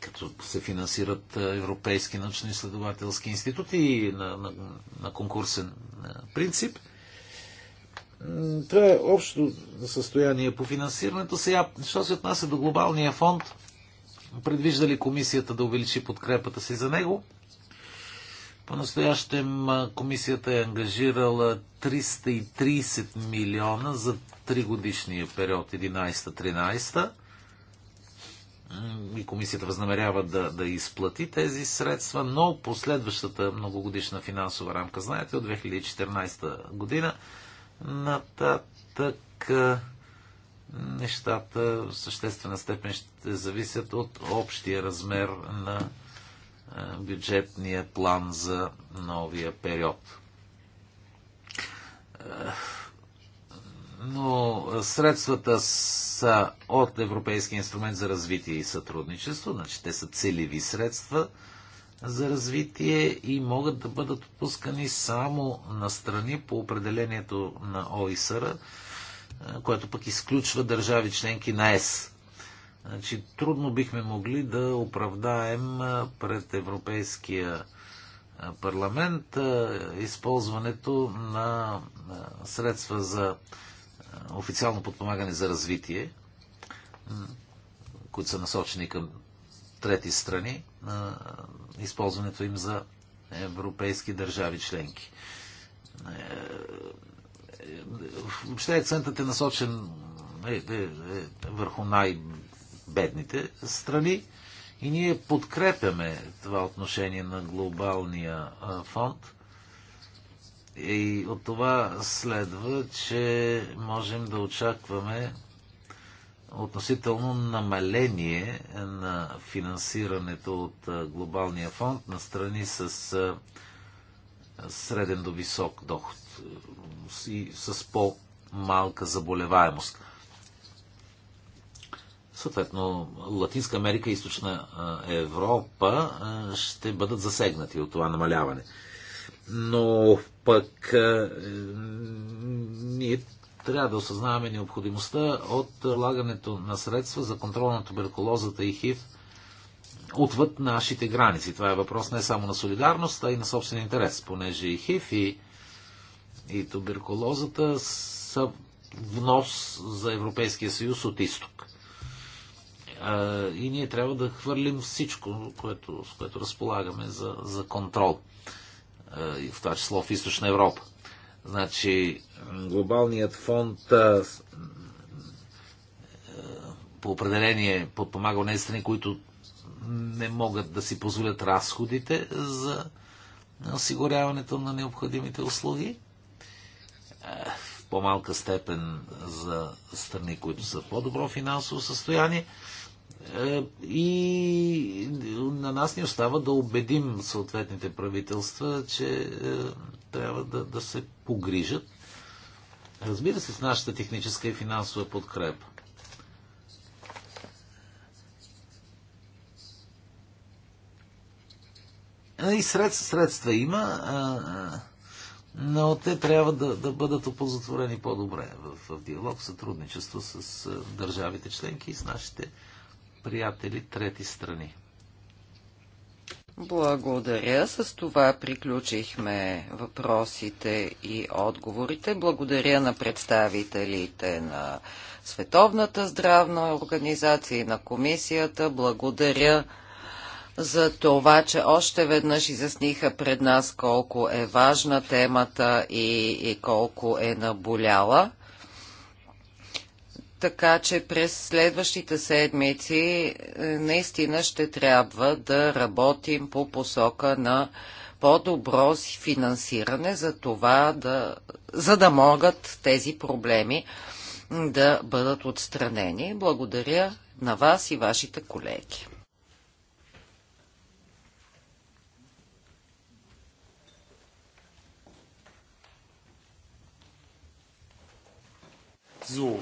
като се финансират европейски научно-изследователски институти на, на, на конкурсен принцип. Това е общо състояние по финансирането. Сега, що се отнася до глобалния фонд, предвижда ли комисията да увеличи подкрепата си за него? По-настоящем комисията е ангажирала 330 милиона за 3 годишния период 11-13 и комисията възнамерява да, да изплати тези средства, но последващата многогодишна финансова рамка, знаете, от 2014 година Нататък нещата в съществена степен ще зависят от общия размер на бюджетния план за новия период. Но средствата са от Европейския инструмент за развитие и сътрудничество, значи те са целеви средства – за развитие и могат да бъдат отпускани само на страни по определението на ОИСР, което пък изключва държави членки на ЕС. Значи, трудно бихме могли да оправдаем пред Европейския парламент използването на средства за официално подпомагане за развитие, които са насочени към трети страни, на използването им за европейски държави членки. Е, е, въобще акцентът е насочен е, върху най-бедните страни и ние подкрепяме това отношение на глобалния фонд. И от това следва, че можем да очакваме относително намаление на финансирането от глобалния фонд на страни с среден до висок доход и с по-малка заболеваемост. Съответно, Латинска Америка и Източна Европа ще бъдат засегнати от това намаляване. Но пък ние трябва да осъзнаваме необходимостта от влагането на средства за контрол на туберкулозата и ХИВ отвъд нашите граници. Това е въпрос не само на солидарност, а и на собствен интерес, понеже и ХИВ и, и туберкулозата са внос за Европейския съюз от изток. И ние трябва да хвърлим всичко, което, с което разполагаме за, за контрол, и в това число в източна Европа. Значи, глобалният фонд а, по определение подпомага онези страни, които не могат да си позволят разходите за осигуряването на необходимите услуги. В по-малка степен за страни, които са в по-добро финансово състояние. И на нас ни остава да убедим съответните правителства, че трябва да, да се погрижат. Разбира се, с нашата техническа и финансова подкрепа. И средства, средства има, а, но те трябва да, да бъдат оползотворени по-добре в, в диалог, сътрудничество с държавите членки и с нашите приятели трети страни. Благодаря. С това приключихме въпросите и отговорите. Благодаря на представителите на Световната здравна организация и на комисията. Благодаря за това, че още веднъж изясниха пред нас колко е важна темата и, и колко е наболяла. Така че през следващите седмици е, наистина ще трябва да работим по посока на по-добро финансиране за това, да, за да могат тези проблеми да бъдат отстранени. Благодаря на вас и вашите колеги. So,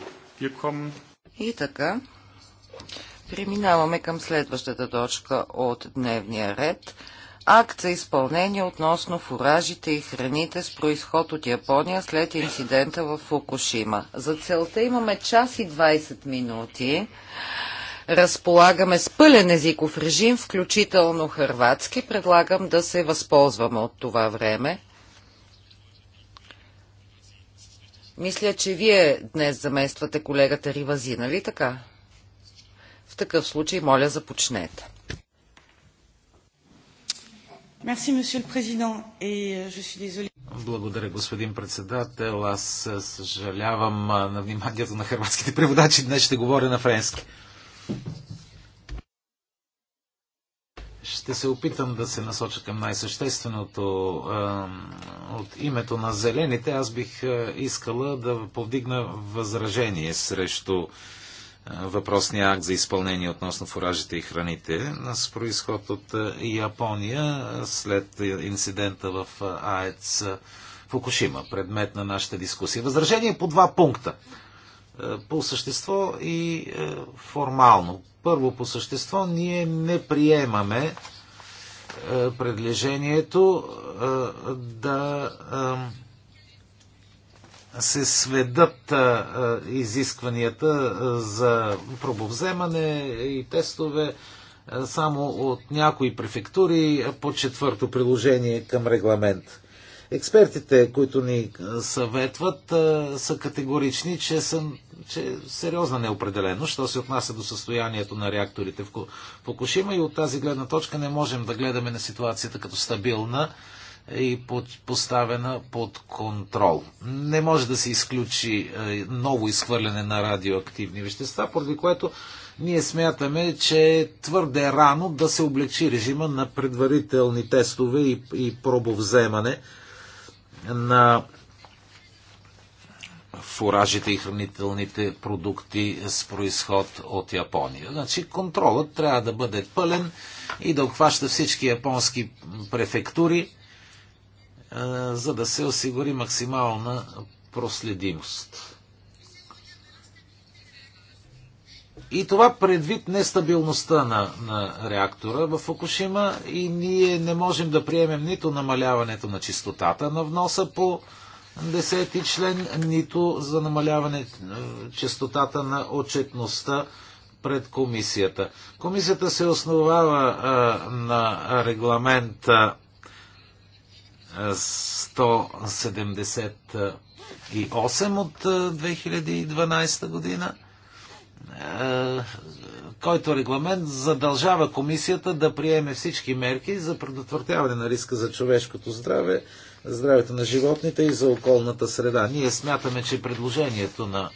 и така, преминаваме към следващата точка от дневния ред. Акт за изпълнение относно фуражите и храните с происход от Япония след инцидента в Фукушима. За целта имаме час и 20 минути. Разполагаме с пълен езиков режим, включително хърватски. Предлагам да се възползваме от това време. Мисля, че вие днес замествате колегата Ривази, нали така? В такъв случай, моля, започнете. Euh, Благодаря, господин председател. Аз съжалявам на вниманието на хрватските преводачи. Днес ще говоря на френски. Ще се опитам да се насоча към най-същественото. От името на зелените аз бих е, искала да повдигна възражение срещу е, въпросния акт за изпълнение относно фуражите и храните с происход от е, Япония след инцидента в АЕЦ Фукушима, предмет на нашата дискусия. Възражение по два пункта. Е, по същество и е, формално. Първо по същество ние не приемаме е, предложението да се сведат изискванията за пробовземане и тестове само от някои префектури по четвърто приложение към регламент. Експертите, които ни съветват, са категорични, че, са, че сериозна неопределеност, що се отнася до състоянието на реакторите в Фукушима и от тази гледна точка не можем да гледаме на ситуацията като стабилна и поставена под контрол. Не може да се изключи ново изхвърляне на радиоактивни вещества, поради което ние смятаме, че е твърде рано да се облегчи режима на предварителни тестове и, и пробовземане на фуражите и хранителните продукти с происход от Япония. Значи контролът трябва да бъде пълен и да обхваща всички японски префектури, е, за да се осигури максимална проследимост. И това предвид нестабилността на, на реактора в Фукушима и ние не можем да приемем нито намаляването на чистотата на вноса по 10 ти член, нито за намаляване е, частотата на отчетността пред комисията. Комисията се основава а, е, на регламент 178 е, от 2012 година е, който регламент задължава комисията да приеме всички мерки за предотвратяване на риска за човешкото здраве, здравето на животните и за околната среда. Ние смятаме, че предложението на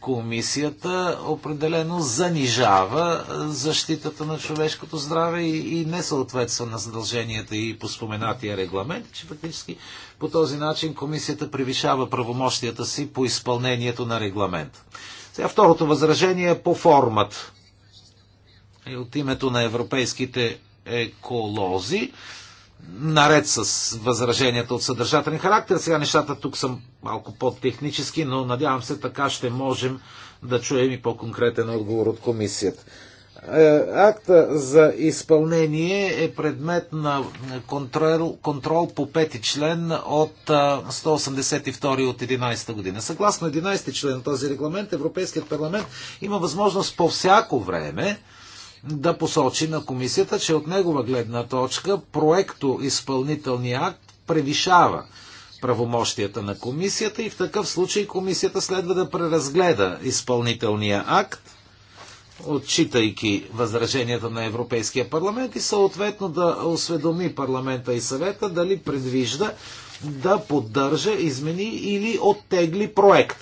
комисията определено занижава защитата на човешкото здраве и, и не съответства на задълженията и по споменатия регламент, че фактически по този начин комисията превишава правомощията си по изпълнението на регламента. Сега второто възражение е по формат. Е, от името на европейските еколози, наред с възраженията от съдържателен характер. Сега нещата тук са малко по-технически, но надявам се така ще можем да чуем и по-конкретен отговор от комисията. Е, акта за изпълнение е предмет на контрол, контрол по пети член от 182 от 11 година. Съгласно 11 член на този регламент, Европейският парламент има възможност по всяко време да посочи на комисията, че от негова гледна точка проекто изпълнителния акт превишава правомощията на комисията и в такъв случай комисията следва да преразгледа изпълнителния акт отчитайки възраженията на Европейския парламент и съответно да осведоми парламента и съвета дали предвижда да поддържа, измени или оттегли проект.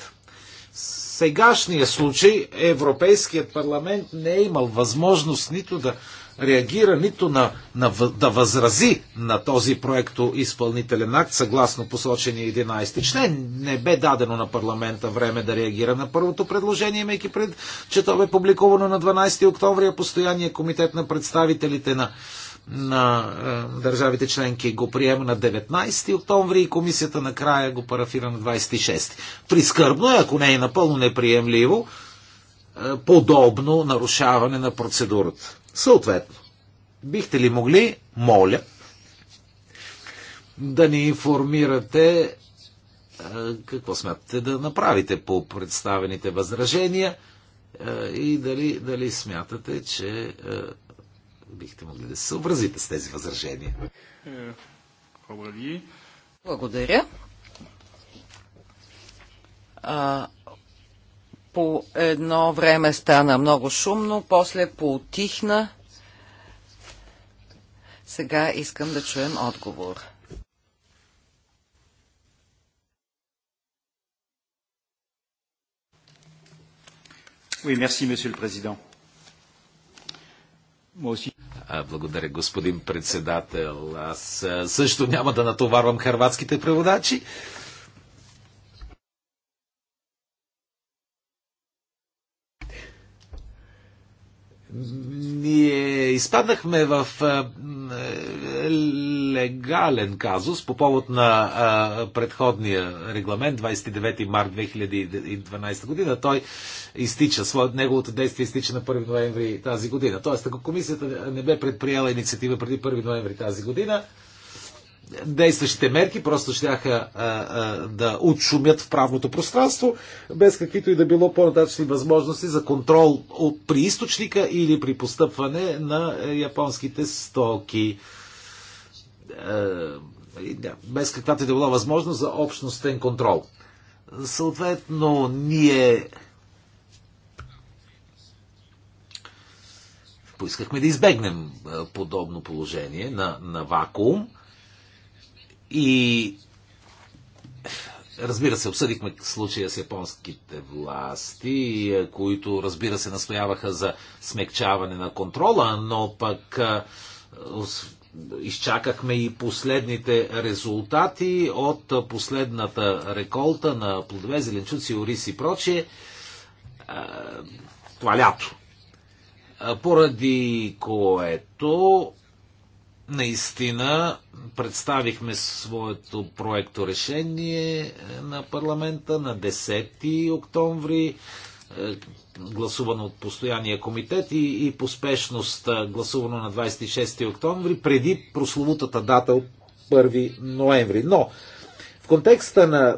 В сегашния случай Европейският парламент не е имал възможност нито да реагира, нито на, на, да възрази на този проекто изпълнителен акт, съгласно посочения 11 член. Не бе дадено на парламента време да реагира на първото предложение, имайки пред, че то бе публикувано на 12 октомври, а постоянният комитет на представителите на на е, държавите членки го приема на 19 октомври и комисията накрая го парафира на 26. Прискърбно е, ако не е напълно неприемливо, е, подобно нарушаване на процедурата. Съответно, бихте ли могли, моля, да ни информирате е, какво смятате да направите по представените възражения е, и дали, дали смятате, че бихте могли да се съобразите с тези възражения. Благодаря. Благодаря. По едно време стана много шумно, после поутихна. Сега искам да чуем отговор. Oui, merci, monsieur le président. Благодаря, господин председател. Аз също няма да натоварвам харватските преводачи. ние изпаднахме в е, легален казус по повод на предходния регламент 29 март 2012 година. Той изтича, неговото действие изтича на 1 ноември тази година. Тоест, ако комисията не бе предприела инициатива преди 1 ноември тази година, действащите мерки просто щяха да отшумят в правното пространство, без каквито и да било по-нататъчни възможности за контрол при източника или при постъпване на е, японските стоки. Е, без каквато и да било възможност за общностен контрол. Съответно, ние поискахме да избегнем е, подобно положение на, на вакуум и Разбира се, обсъдихме случая с японските власти, които, разбира се, настояваха за смекчаване на контрола, но пък изчакахме и последните резултати от последната реколта на плодове, зеленчуци, ориз и прочие това лято. Поради което наистина представихме своето проекто решение е, на парламента на 10 октомври, е, гласувано от постоянния комитет и, и по спешност е, гласувано на 26 октомври, преди прословутата дата от 1 ноември. Но в контекста на,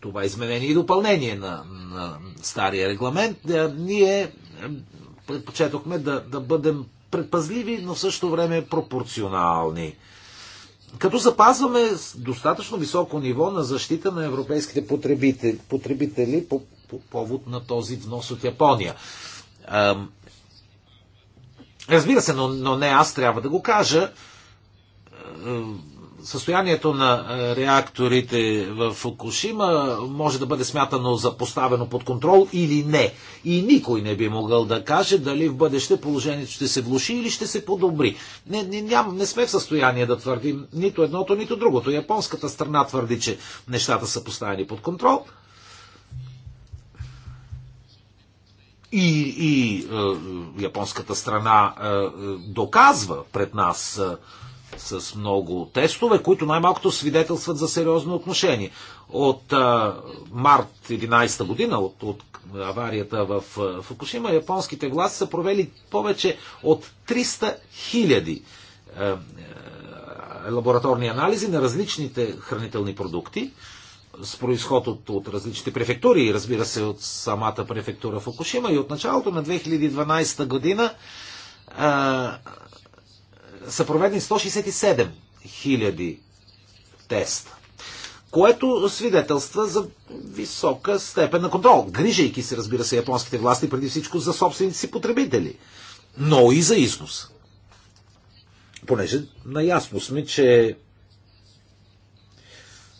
това изменение и допълнение на, на стария регламент, ние предпочетохме да, да бъдем предпазливи, но в същото време пропорционални. Като запазваме достатъчно високо ниво на защита на европейските потребители, потребители по, по повод на този внос от Япония. Разбира се, но, но не аз трябва да го кажа състоянието на е, реакторите в Фукушима може да бъде смятано за поставено под контрол или не. И никой не би могъл да каже дали в бъдеще положението ще се влуши или ще се подобри. Не, не, ням, не сме в състояние да твърдим нито едното, нито другото. Японската страна твърди, че нещата са поставени под контрол. И, и е, японската страна е, е доказва пред нас. Е, с много тестове, които най-малкото свидетелстват за сериозно отношение. От а, март 11 година, от, от аварията в Фукушима, японските власти са провели повече от 300 хиляди е, е, лабораторни анализи на различните хранителни продукти с происход от, от различните префектури и разбира се от самата префектура Фукушима и от началото на 2012 година а, е, са проведени 167 000 теста, което свидетелства за висока степен на контрол, грижайки се, разбира се, японските власти преди всичко за собствените си потребители, но и за износ. Понеже наясно сме, че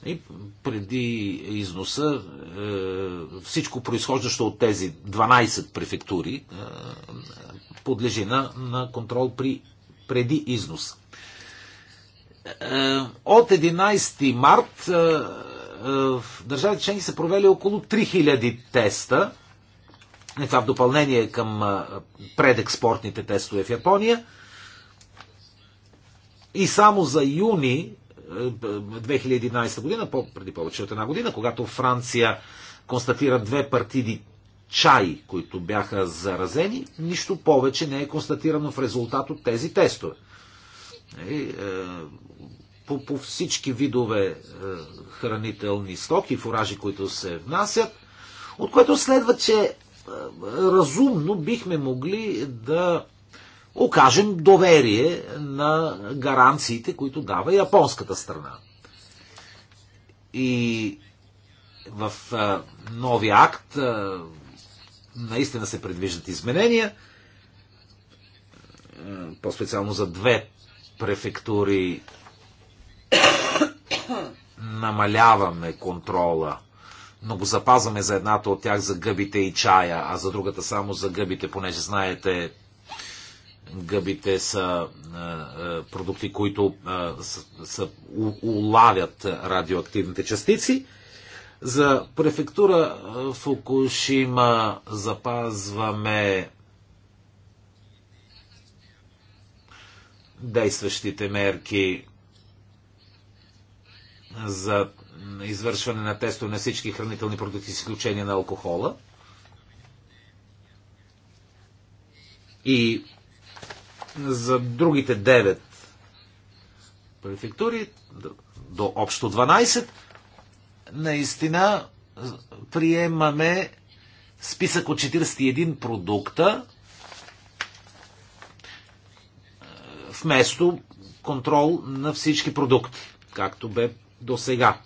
и преди износа е, всичко произхождащо от тези 12 префектури е, подлежи на контрол при преди износ. Е, от 11 март е, е, в държавите членки са провели около 3000 теста. Това в допълнение към предекспортните тестове в Япония. И само за юни 2011 година, преди повече от една година, когато Франция констатира две партиди чай, които бяха заразени, нищо повече не е констатирано в резултат от тези тестове. Нали, е, по, по всички видове е, хранителни стоки, фуражи, които се внасят, от което следва, че е, разумно бихме могли да окажем доверие на гаранциите, които дава японската страна. И в а, новия акт а, наистина се предвиждат изменения, по-специално за две префектури намаляваме контрола, но го запазваме за едната от тях за гъбите и чая, а за другата само за гъбите, понеже знаете, гъбите са продукти, които а, са, улавят радиоактивните частици. За префектура Фукушима запазваме действащите мерки за извършване на тестове на всички хранителни продукти, с изключение на алкохола. И за другите 9 префектури, до общо 12, наистина приемаме списък от 41 продукта вместо контрол на всички продукти, както бе до сега.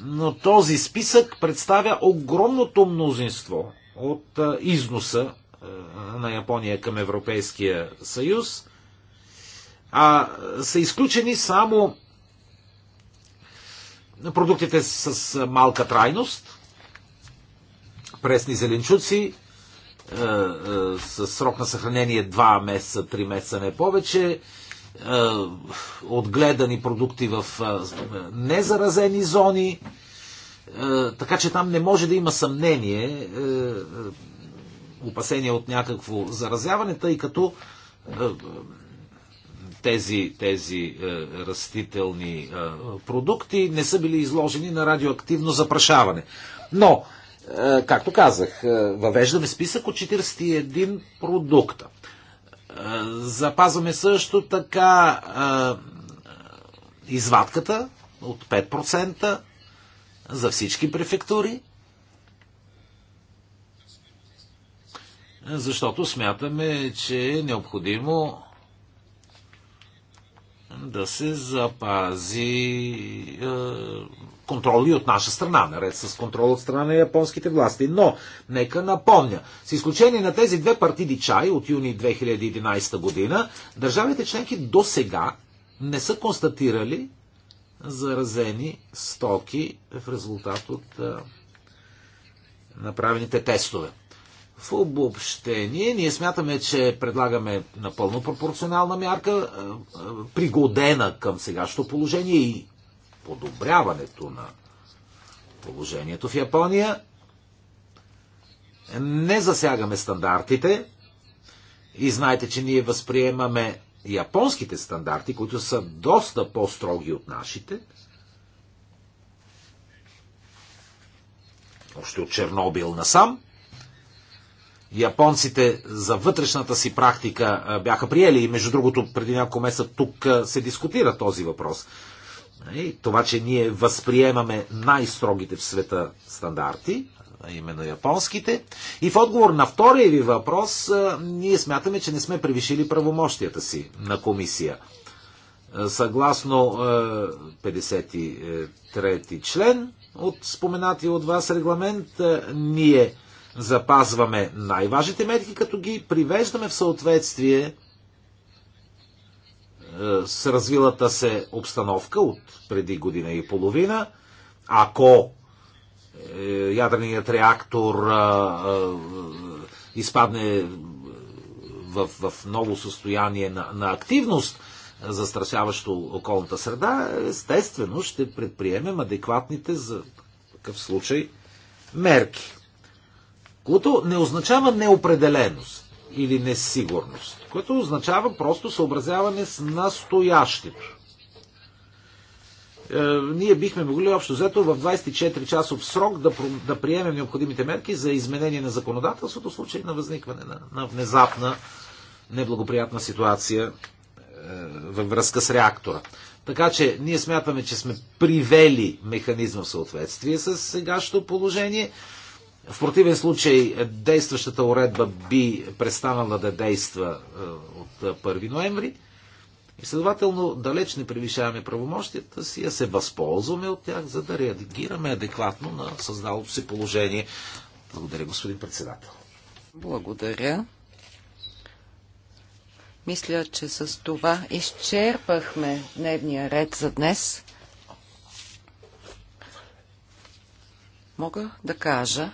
Но този списък представя огромното мнозинство от износа на Япония към Европейския съюз, а са изключени само продуктите с малка трайност, пресни зеленчуци, е, е, с срок на съхранение 2 месеца, 3 месеца, не повече, е, отгледани продукти в незаразени зони, така че там не може да има съмнение, опасение от някакво заразяване, тъй като тези, тези е, растителни е, продукти не са били изложени на радиоактивно запрашаване. Но, е, както казах, е, въвеждаме списък от 41 продукта. Е, запазваме също така е, извадката от 5% за всички префектури, защото смятаме, че е необходимо да се запази е, контрол и от наша страна, наред с контрол от страна на японските власти. Но, нека напомня, с изключение на тези две партиди чай от юни 2011 година, държавите членки до сега не са констатирали заразени стоки в резултат от е, направените тестове. В обобщение, ние смятаме, че предлагаме напълно пропорционална мярка, е, е, пригодена към сегашното положение и подобряването на положението в Япония. Не засягаме стандартите и знаете, че ние възприемаме японските стандарти, които са доста по-строги от нашите. Още от Чернобил насам японците за вътрешната си практика бяха приели. И между другото, преди няколко месеца тук се дискутира този въпрос. И това, че ние възприемаме най-строгите в света стандарти, а именно японските. И в отговор на втория ви въпрос, ние смятаме, че не сме превишили правомощията си на комисия. Съгласно 53 член от споменати от вас регламент, ние запазваме най-важните мерки, като ги привеждаме в съответствие е, с развилата се обстановка от преди година и половина. Ако е, ядреният реактор е, изпадне в, в ново състояние на, на активност, застрашаващо околната среда, естествено ще предприемем адекватните за такъв случай мерки което не означава неопределеност или несигурност, което означава просто съобразяване с настоящето. Е, ние бихме могли общо взето в 24 часов срок да, да приемем необходимите мерки за изменение на законодателството в случай на възникване на, на внезапна неблагоприятна ситуация е, във връзка с реактора. Така че ние смятаме, че сме привели механизма в съответствие с сегашното положение. В противен случай е, действащата уредба би престанала да действа е, от 1 е, ноември и следователно далеч не превишаваме правомощията си, а се възползваме от тях, за да реагираме адекватно на създалото си положение. Благодаря, господин председател. Благодаря. Мисля, че с това изчерпахме дневния ред за днес. Мога да кажа,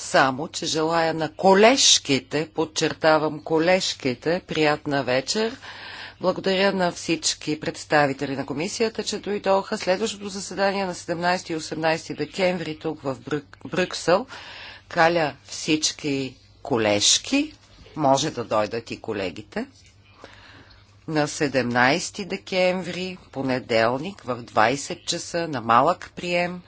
само, че желая на колежките, подчертавам колежките, приятна вечер. Благодаря на всички представители на комисията, че дойдоха. Следващото заседание на 17 и 18 декември тук в Брюк, Брюксел. Каля всички колежки, може да дойдат и колегите. На 17 декември, понеделник, в 20 часа, на малък прием,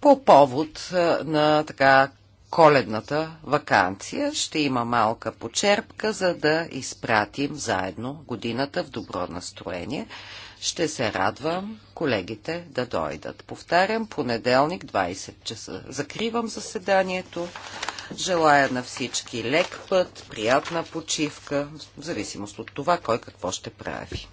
по повод е, на така коледната вакансия. Ще има малка почерпка, за да изпратим заедно годината в добро настроение. Ще се радвам колегите да дойдат. Повтарям, понеделник 20 часа. Закривам заседанието. Желая на всички лек път, приятна почивка, в зависимост от това кой какво ще прави.